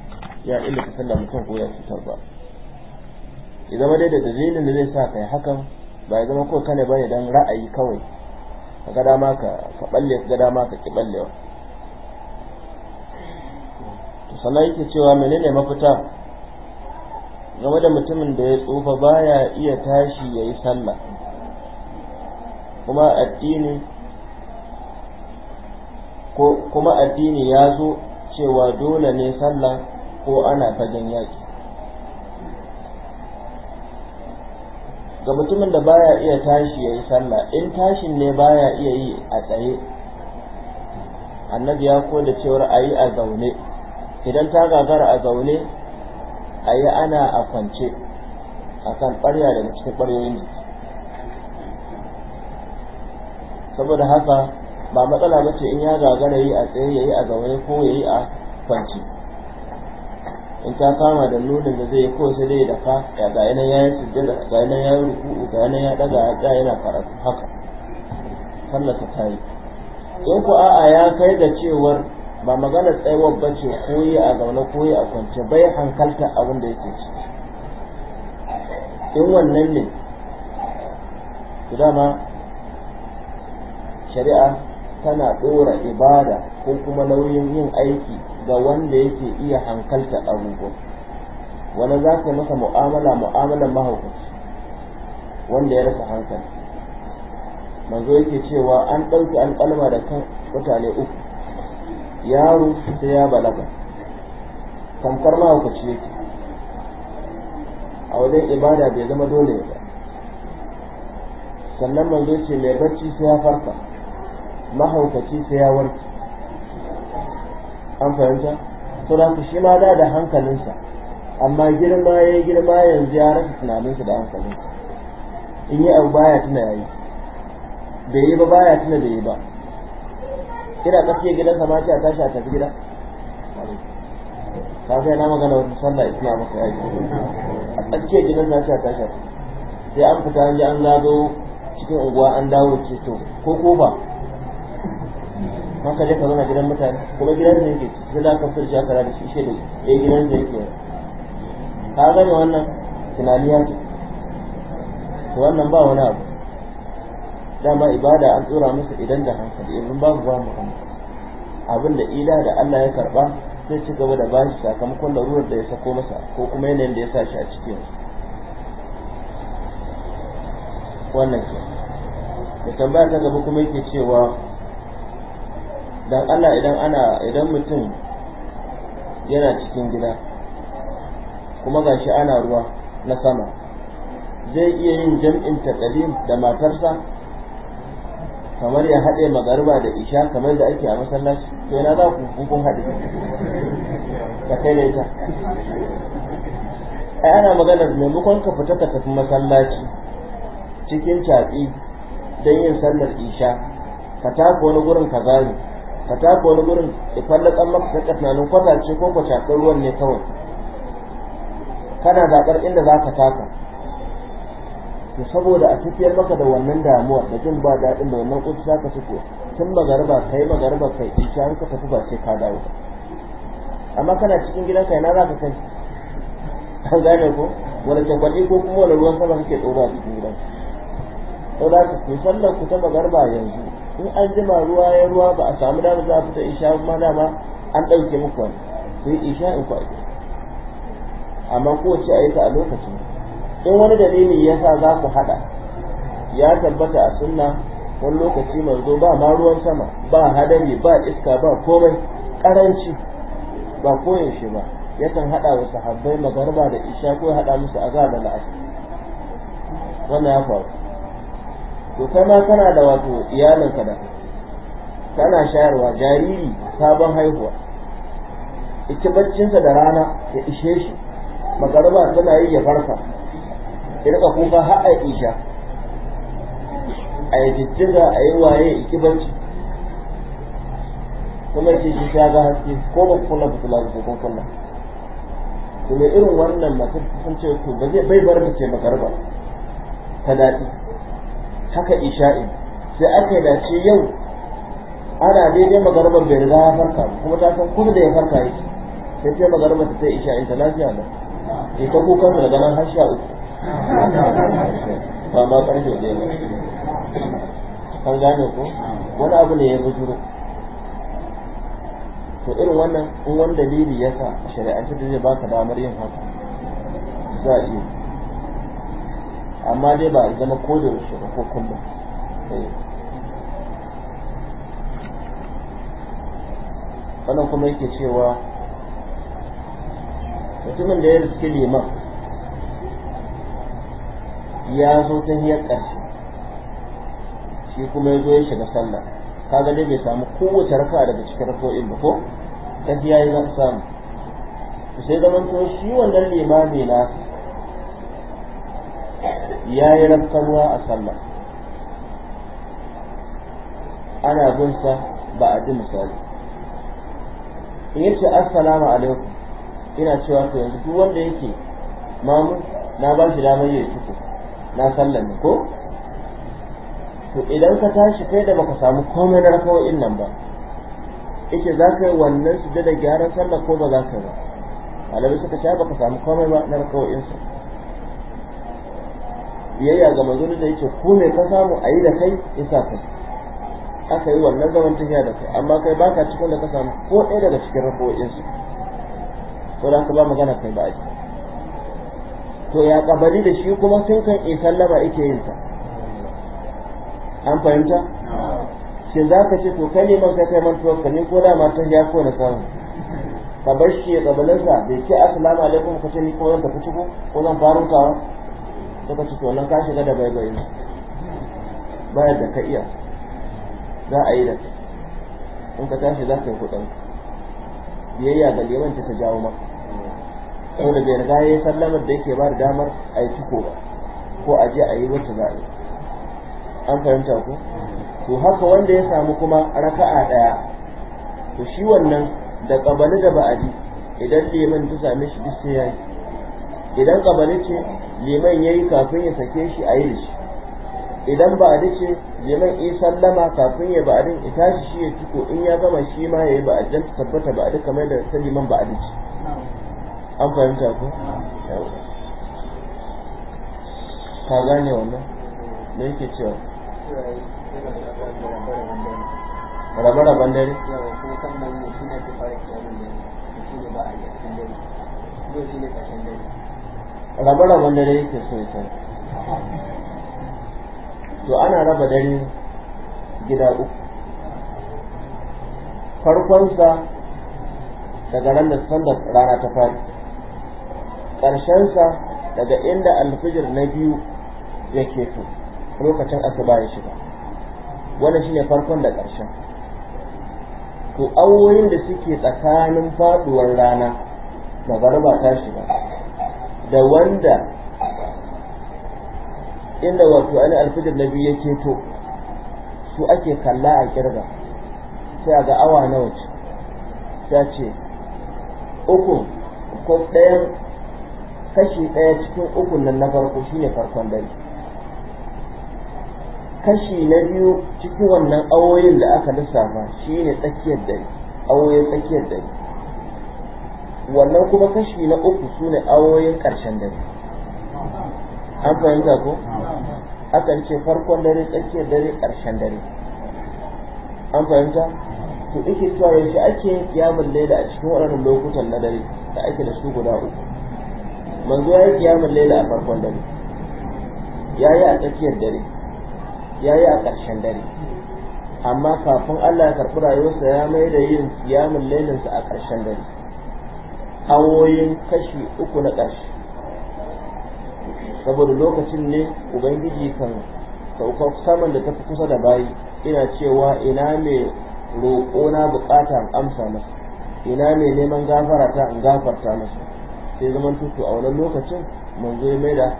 ya illata sallah mutum ko ya cutar ba idan zama dai da dalilin da zai sa kai hakan ba ya zama ko kane ne dan ra'ayi kawai ga dama ka ka balle ga dama ka ki wa? to sannan yake cewa menene mafita game da mutumin da ya tsufa baya iya tashi yayi sallah kuma addini ko kuma addini ya zo cewa dole ne sallah ko ana fagen yaki ga mutumin da baya iya tashi ya yi sallah in tashin ne baya iya yi a tsaye annabi ya koda cewar a yi a zaune idan ta gagara a zaune a yi ana a kwance a kan ɓarya daga cikin ɓaryoyin jiki saboda haka ba matsala ce in ya gagara yi a tsaye ya yi a zaune ko ya yi a kwance in ta kama da nunin da zai yi ko sai dai da ka ya ga yana ya yi sujjada ga yana ya yi ruku'u ga yana ya daga ya ga yana karatu haka sallata ta yi in ku a'a ya kai da cewar ba magana tsayuwar ba ce koyi a zaune koyi a kwance bai hankalta abin da yake ciki in wannan ne su dama shari'a tana ɗora ibada ko kuma nauyin yin aiki ga wanda yake iya hankalta abubuwa wani za ka masa mu'amala mu'amalan mahaukaci wanda ya rasa hankali manzo yake cewa an ɗauki alƙalma da kan mutane uku yaro sai ya balaga tamkar mahaukaci yake a wajen ibada bai zama dole ba sannan manzo ce mai bacci sai ya farka mahaukaci sai ya warke an fahimta to da shi ma da da hankalinsa amma girma ya yi girma yanzu ya rasa tunaninsa da hankalinsa in yi abu baya tuna ya yi. bai yi ba baya tuna bai yi ba ina tsakiyar gidansa ma ce a tashi a tafi gida ta sai na magana wata sallah isma maka yaji a tsakiyar gidan ce a tashi a tafi sai an fita an ji an zago cikin unguwa an dawo ce to ko kofa haka ka je ka zauna gidan mutane kuma gidan da yake sai za ka furta kara da shi shi da eh gidan da yake ka ga wannan tunani ya to wannan ba wani abu dama ibada an tsura musu idan da hankali idan babu ba mu kan abin da ila da Allah ya karba sai ci gaba da bashi sakamakon larurar da ya sako masa ko kuma yanayin da ya sa shi a cikin wannan ke da tambaya ta gaba kuma yake cewa dan Allah idan ana idan mutum yana cikin gida kuma gashi ana ruwa na sama zai iya yin jam'in taqdim da matarsa kamar ya haɗe magarba da isha kamar da ake a masallaci to yana za ku hukun haɗe ka kai ne ta ai ana maganar maimakon ka fita ka tafi masallaci cikin tafi don yin sallar isha ka tafi wani gurin ka zami ka taka wani gurin ya fallakan maka ta tunanin kwata ce ko ko ruwan ne kawai kana zakar inda za ka taka to saboda a tafiyar maka da wannan damuwa da jin ba daɗin da wannan ƙunci za ka fito tun magarba kai magarba kai in har ka tafi ba sai ka dawo amma kana cikin gidanka yana za ka kai an gane ko wani tabbaɗi ko kuma wani ruwan sama kake ɗora a cikin gidanka sau da ku sallar ku ta magarba yanzu in an jima ruwa ya ruwa ba a samu dama za a fita isha kuma dama an ɗauke muku wani sai isha in ku amma kowace a yi ta a lokacin in wani dalili ya sa za ku haɗa ya tabbata a sunna wani lokaci manzo ba ma ruwan sama ba hadari ba iska ba komai ƙaranci ba koyaushe ba yakan haɗa wa sahabbai magarba da isha ko ya haɗa musu azaba da la'asar wannan ya faru to kana kana da wato iyalinka da kana shayarwa jariri sabon haihuwa ita baccinsa da rana ya ishe shi magarba tana yi ya farka ya rika kuka har a isha a yi jijjiga a yi waye iki bacci kuma ce shi ta ga haske ko ba kula ba kula ko kula to me irin wannan matar sun ce to ba zai bai bar mace magarba ta daɗi haka isha'i sai aka dace yau ana daidai magarbar bai riga ya farka kuma ta san kuma da ya farka yake sai ce magarbar ta sai isha'i ta lafiya ba ya ta kukan su daga nan har sha uku ba ma karfe ɗaya ba kan gane ko wani abu ne ya bujuro to irin wannan in wani dalili ya sa ce da zai baka damar yin haka za a iya amma dai ba a zama ko da yaushe ba ko kullum eh. wannan kuma yake cewa mutumin da ya riski liman ya zo ta hiyar ƙarshe shi kuma ya zo ya shiga sallah ka dai bai samu kowace raka daga cikin rako'in ba ko ta hiya ya samu sai zaman to shi wannan limami nasa ya yi ruwa a sallah ana bin sa ba a ji misali in ya ce assalamu alaikum ina cewa to yanzu duk wanda yake mamu na ba shi damar yi ciko na sallan ko to idan ka tashi kai da baka samu komai na rakawoyin nan ba ita za ka yi wannan su da gyaran sallah ko ba za ka yi ba alabi suka ce baka samu komai ba na rakawoyin sa biyayya ga manzon da yake ku ne ka samu a yi da kai isa ka aka yi wannan zaman tafiya da kai amma kai baka cikin da ka samu ko ɗaya daga cikin rafo'in su ko da ba magana kai ba aji to ya kabari da shi kuma sai kan isallama yake yin ta an fahimta shi za ka ce to kai neman kai kai mantuwar ka ne ko da ma ya ko na samu ka bar shi ya kabalinsa bai ce assalamu alaikum ka ce ni ko zan tafi ciko ko zan faru tawa Ka ci to nan ka shiga da baibayi ba da ka iya za a yi da ka. in ka tashi za ka yi kuɗin biyayya da liman ta jawo maka ko da bai riga yi sallamar da yake ba da damar a yi ciko ba ko a je a yi wacce za a yi an fahimta ko to haka wanda ya samu kuma raka'a daya to shi wannan da kabali da ba'adi idan liman ta same shi duk sai ya yi idan kabali ce liman yayi kafin ya sake shi a yi shi idan ba a dace liman in sallama kafin ya ba'adin ya tashi shi ya tuko in ya gama shi ma ya yi ba'adin ta tabbata ba'adin kamar da ta liman ba a dace an fahimta ko ka gane wannan me yake cewa rabe-raben dare shi ne ba a yi dare rabe-raben dare yake so ya to ana raba dare gida uku farkonsa daga nan da sanda rana ta fari ƙarshensa daga inda alfijir na biyu yake to lokacin asuba ya shiga wannan shine farkon da ƙarshen to awoyin da suke tsakanin faduwar rana Garba ta shiga da wanda inda wato ani alfijir na biyu ya keto su ake kalla a kirga sai ga awa na wace ta ce uku ko ɗayan kashi ɗaya cikin ukun nan na farko shine farkon dare kashi na biyu cikin wannan awoyin da aka lissafa shine tsakiyar dare awoyin tsakiyar dare wannan kuma kashi na uku su ne awoyin ƙarshen dare an fahimta ko akan ce farkon dare tsakiyar dare ƙarshen dare an fahimta to ake cewa yaushe ake yin kiyamun laila a cikin waɗannan lokutan na dare da ake da su guda uku manzo ya yi kiyamun laila a farkon dare ya yi a tsakiyar dare ya yi a ƙarshen dare amma kafin Allah ya karɓi rayuwarsa ya mai da yin kiyamun lailinsa a ƙarshen dare awoyin kashi uku na ƙarshe saboda lokacin ne ubangiji kan sauka saman da ta fi kusa da bayi ina cewa ina mai roƙo na bukata amsa masa ina mai neman gafara ta in gafarta masa sai zaman tutu a wannan lokacin manzo ya maida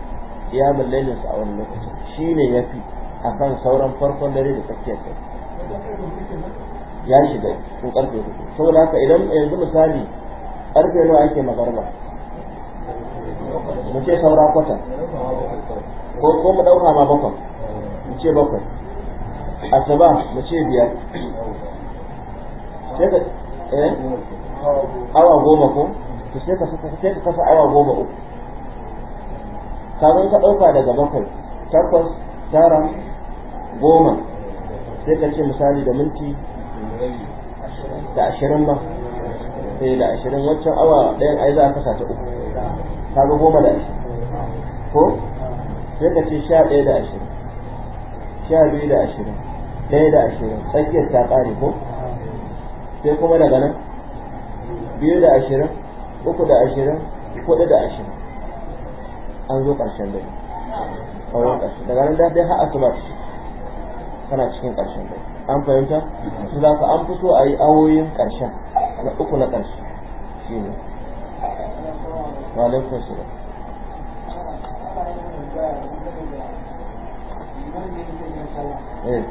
ya mallailin su a wannan lokacin shine yafi akan sauran farkon dare da tsakiyar kai ya shiga kun karfe saboda haka idan yanzu misali karfe nawa ake magarba mu ce saura kwata ko ko mu dauka ma bakwai mu ce bakwai asuba mu ce biyar sai ka eh awa goma ko to sai ka sai ka kasa awa goma uku kamar ka dauka daga bakwai takwas tara goma sai ka ce misali da minti da ashirin ba. eh da ashirin waccan awa ɗayan ai za a kasa ta uku ta ga goma da ashirin ko sai ka ce sha ɗaya da ashirin sha biyu da ashirin ɗaya da ashirin tsakiyar ta ƙare ko sai kuma daga nan biyu da ashirin uku da ashirin hudu da ashirin an zo ƙarshen dare ƙauran ƙarshe daga nan da dai har asuba ce kana cikin ƙarshen dare an fahimta su za ka an fi so a yi awoyin ƙarshen na uku na ƙarshe shi ne walaikun su eh.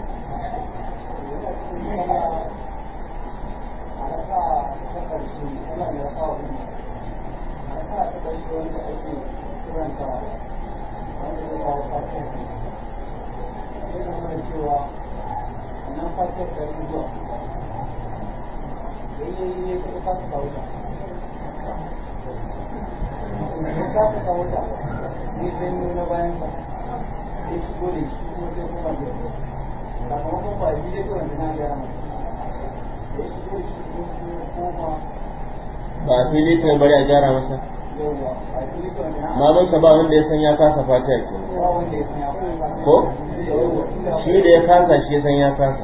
Thank you. ba fili to bari a gyara masa mamansa ba wanda ya san ya kasa fatiha ke ko shi da ya kasa shi ya san ya kasa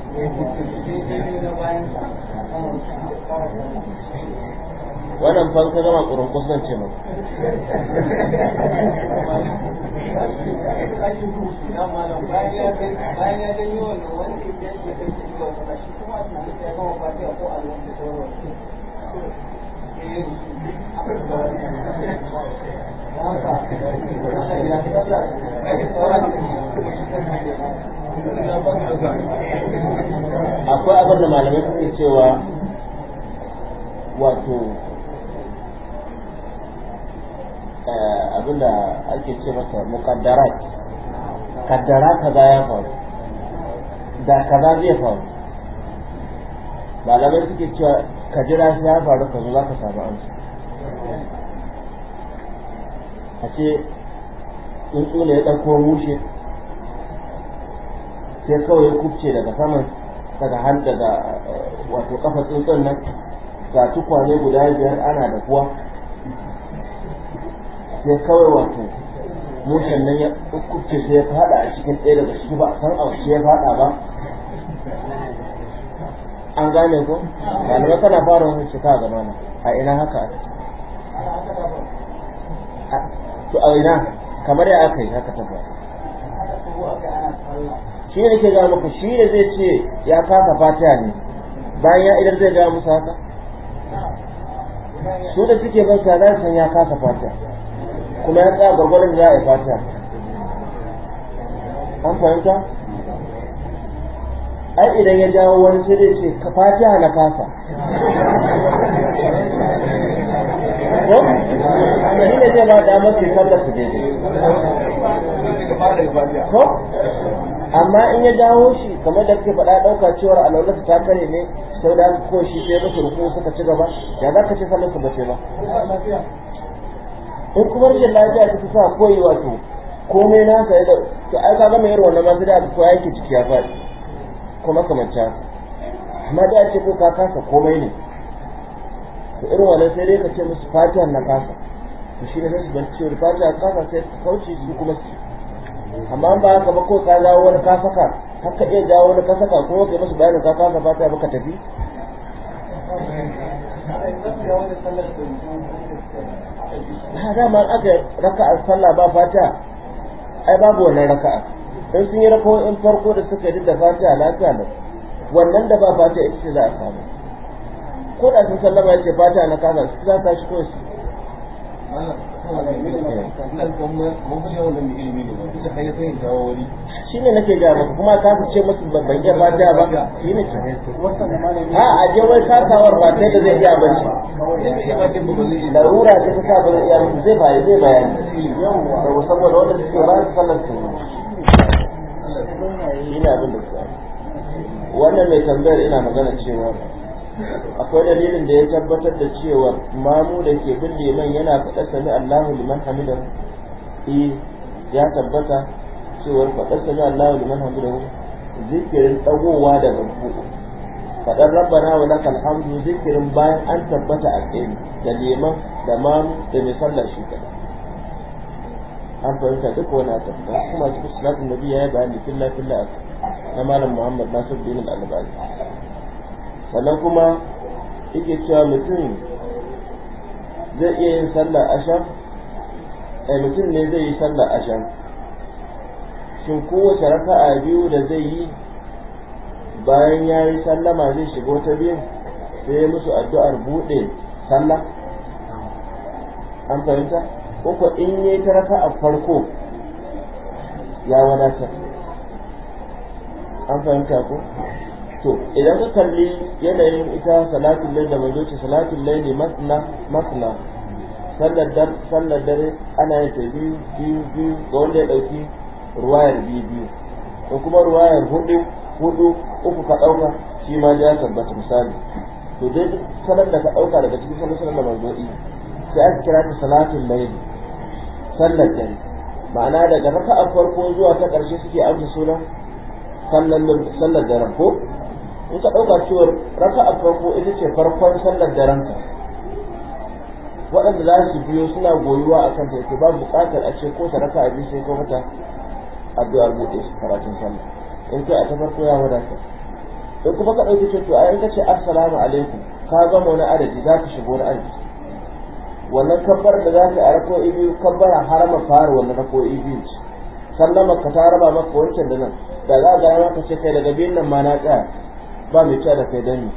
wannan fanka gama tsoron kusan ce mai akwai abin da malamai suke cewa wato Eh, abinda ake ce masa muqaddarat kaddara kaza ya faru da kaza zai faru malamai suke cewa ka jira shi ya faru ka zo za ka samu amsa a ce in ne ya ɗauko mushe sai kawai ya kubce daga saman daga hannu daga eh, wato kafa tsuntsun nan ga tukwane guda biyar ana da kuwa sai kawai wato mutan nan ya kukkufce sai ya fada a cikin ɗaya daga shi, ba a san a ya fada ba an gane ko malamai tana fara wani cika gaba na a ina haka to a ina kamar ya aka yi haka ta ba? shi ne ke ga muku shi ne zai ce ya kasa fatiha ne bayan ya idan zai ga musu haka su da suke ban za su san ya kasa fatiha kuma ya tsaya gwargwaron ya a yi fata an fahimta ai idan ya jawo wani sai dai ce ka fatiha na fasa ko amma ne ba damar su sallar su daidai ko amma in ya jawo shi kamar da ke faɗa ɗauka cewar alaunar ta kare ne sau da ko shi sai ya rufe suka ci gaba ya za ka ce sallar su ba ce ba in kuma rashin lafiya ta sa koyi wato komai na sai da to ai ka gama yarwa na masu da ko ke ciki ya faɗi kuma kamanta amma da ce ko ka kasa komai ne to irin wannan sai dai ka ce musu fatiha na kasa to shi ne sai su banci cewa fatiha kasa sai su kauce su kuma su amma ba ka ba ko ka dawo wani kasaka haka iya dawo wani ka ko ka musu bayanin ka kasa fatiha baka tafi dama aka a sallah ba fata ai babu wannan raka in sun yi in farko da suka yi da fata lafiya ne wannan da ba fata ita ce za a samu ko da sun sallama yake fata na kaza su za ta shi ko shi da ilimi ne da sai shi ne nake ga maka kuma ta su ce musu ban iya ba ta ba shi ne ha a je wai kasawar ba sai da zai iya ba shi larura ce ta sa ba zai iya ba zai bayani zai bayani saboda wanda suke ran sallar su shi ne abin da su wannan mai tambayar ina magana cewa akwai dalilin da ya tabbatar da cewa mamu da ke bin liman yana faɗa sami Allahu liman hamidan eh ya tabbata cewar faɗar sami Allahu liman hamdahu zikirin dagowa da rabu faɗar rabbana wa lakal hamdu zikirin bayan an tabbata a tsaye da neman da mamu da mai sallar shi kadai an fahimta duk wani asar da kuma su salatin nabi ya yi bayani filla filla a na malam muhammad nasir bin al-albani sannan kuma yake cewa mutum zai iya yin sallar ashar eh, mutum ne zai yi sallar ashar shin kowace raka'a biyu da zai yi bayan ya yi sallama zai shigo ta biyu sai ya musu addu'ar buɗe sallah an fahimta ko in yi ta raka'a farko ya wadatar an fahimta ko to idan ka kalli yanayin ita salatin lai da manzo ce lai ne masna masna sallar dare ana yin ta biyu biyu biyu ga wanda ya ɗauki ruwayar biyu biyu ko kuma ruwayar hudu hudu uku ka ɗauka shi ma ya tabbata misali to dai duk da ka ɗauka daga cikin sanar sanar da manzo'i sai aka kira ta salatin layl sallar dare ma'ana daga raka'a farko zuwa ta karshe suke amsa sunan sallar daren ko in ka ɗauka cewa raka'a farko ita ce farkon sallar daren ka waɗanda za su biyo suna goyuwa a kan ta babu buƙatar a ce ko ta raka'a biyu sai ko mata addu'ar buɗe shi karatun sallah in kai a ta farko ya wadata in kuma ka ɗauki to a yanka ce assalamu alaikum ka gama wani adadi za ka shigo wani adadi wannan kabbar da za ka yi a rako'i biyu kabbara harama fara wannan rako'i biyu sallama ka ta raba maka wancan da nan da za a gaya maka ce kai daga biyun nan ma na tsaya ba mai cewa da kai dani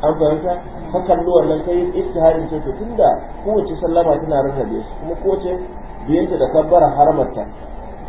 an fahimta ka kalli wannan kai ittiharin ce to tunda kowace sallama tana rarrabe kuma kowace biyanta da kabbara haramarta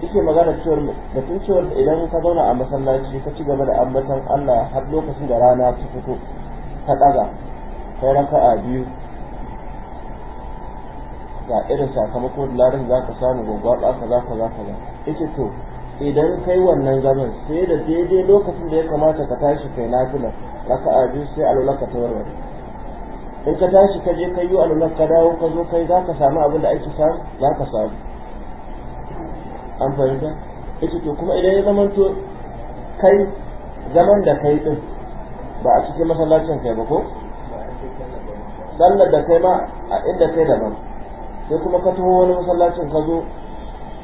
yake magana cewar batun cewar idan ka zauna a masallaci ka ci gaba da ambatan Allah har lokacin da rana ta fito ka ɗaga kai raka'a biyu ga irin sakamako da larin za ka samu gwagwaba za ka kaza yake to idan kai wannan zaman sai da daidai lokacin da ya kamata ka tashi kai nafilar raka'a biyu sai alulaka ta tawarwar in ka tashi ka je ka yi alulaka ka dawo ka zo kai za ka samu abin da ake samu za ka samu an fahimta ita to kuma idan ya zama to kai zaman da kai din ba a cikin masallacin kai ba ko sallar da kai ma a inda kai daban sai kuma ka taho wani masallacin ka zo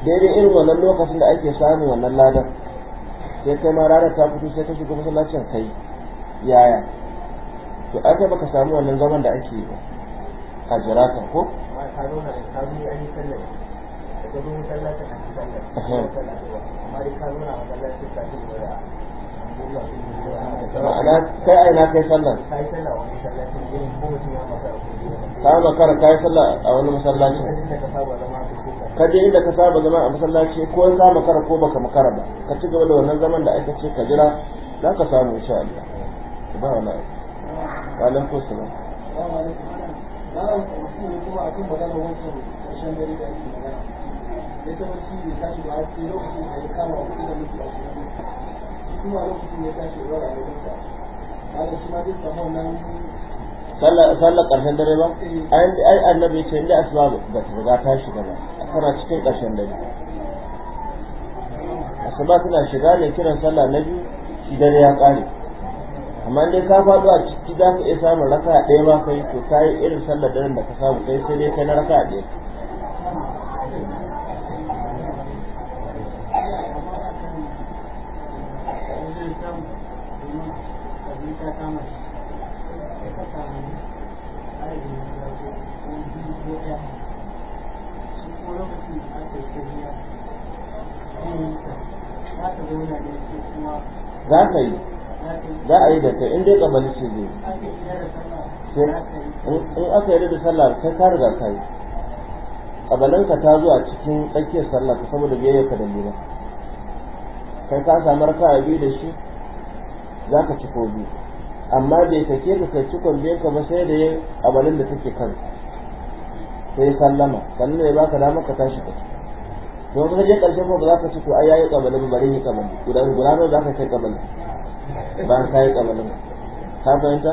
daidai irin wannan lokacin da ake samu wannan ladan sai kai ma ranar ta fito sai ka shiga masallacin kai yaya to aka baka samu wannan zaman da ake yi a jira ka ko ma'ana ah, kai aina kai sallah ka makara ka yi sallah a wani masallaci ka je inda ka saba zama a masallaci ko za makara ko baka makara ba ka ci gaba da wannan zaman da aka ce ka jira za ka samu insha Allah su ba ba sallar ƙarshen dare ba ai annabi ce inda asuba ba ta riga ta shiga ba kana cikin ƙarshen dare asuba tana shiga ne kiran sallah na biyu shi dare ya ƙare amma dai ka faɗo a ciki za ka iya samun raka ɗaya ma kai to ka yi irin sallar daren da ka samu kai sai dai kai na raka ɗaya za ka yi za a yi da kai in dai kabali ce ne in aka yi da sallah ta ta riga ta yi ka ta zuwa cikin tsakiyar sallah ka saboda biyayyarka da lura kai ka samu a biyu da shi za ka ci ko biyu amma bai sake ka kai cikon biyan ka ba sai da yin kabalin da take kan sai sallama sannan ya baka damar ka tashi ka ci don kuma je karshen ba za ka ci ko ai yayi kabalin bari ne kabalin guda da za ka kai kabalin bayan kayi yi ka fahimta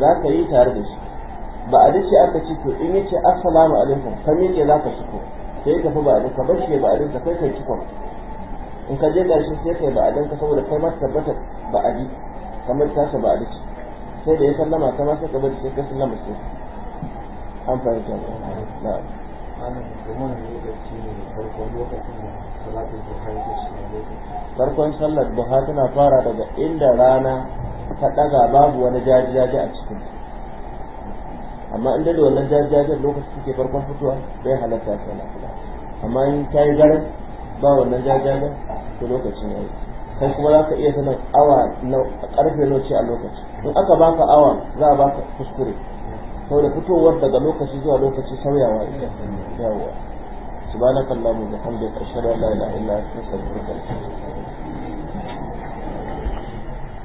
za ka yi tare da shi ba a dace aka ce to in yace assalamu alaikum ka miƙe za ka ciko sai ka fi ba a ka bar shi ba a ka kai kai cikon in ka je ƙarshe sai kai ba a ka saboda kai ma tabbata ba a ji kamar tasa ba a dace sai da ya sallama ta ma sai ka bari sai ka sallama sai an fahimta na'am farkon sallar duha tana fara daga inda rana ta daga babu wani jajijaji a cikin amma inda da wannan jajijajen lokaci suke farkon fitowa bai halatta ya sallah amma in ta yi garin ba wannan jajijajen to lokacin yayi kai kuma za ka iya sanin awa na karfe lokaci a lokaci in aka baka awa za a baka kuskure saboda fitowar daga lokaci zuwa lokaci sauyawa yawa subhanakallahumma na bihamdika ashhadu an la ilaha illa anta astaghfiruka wa atubu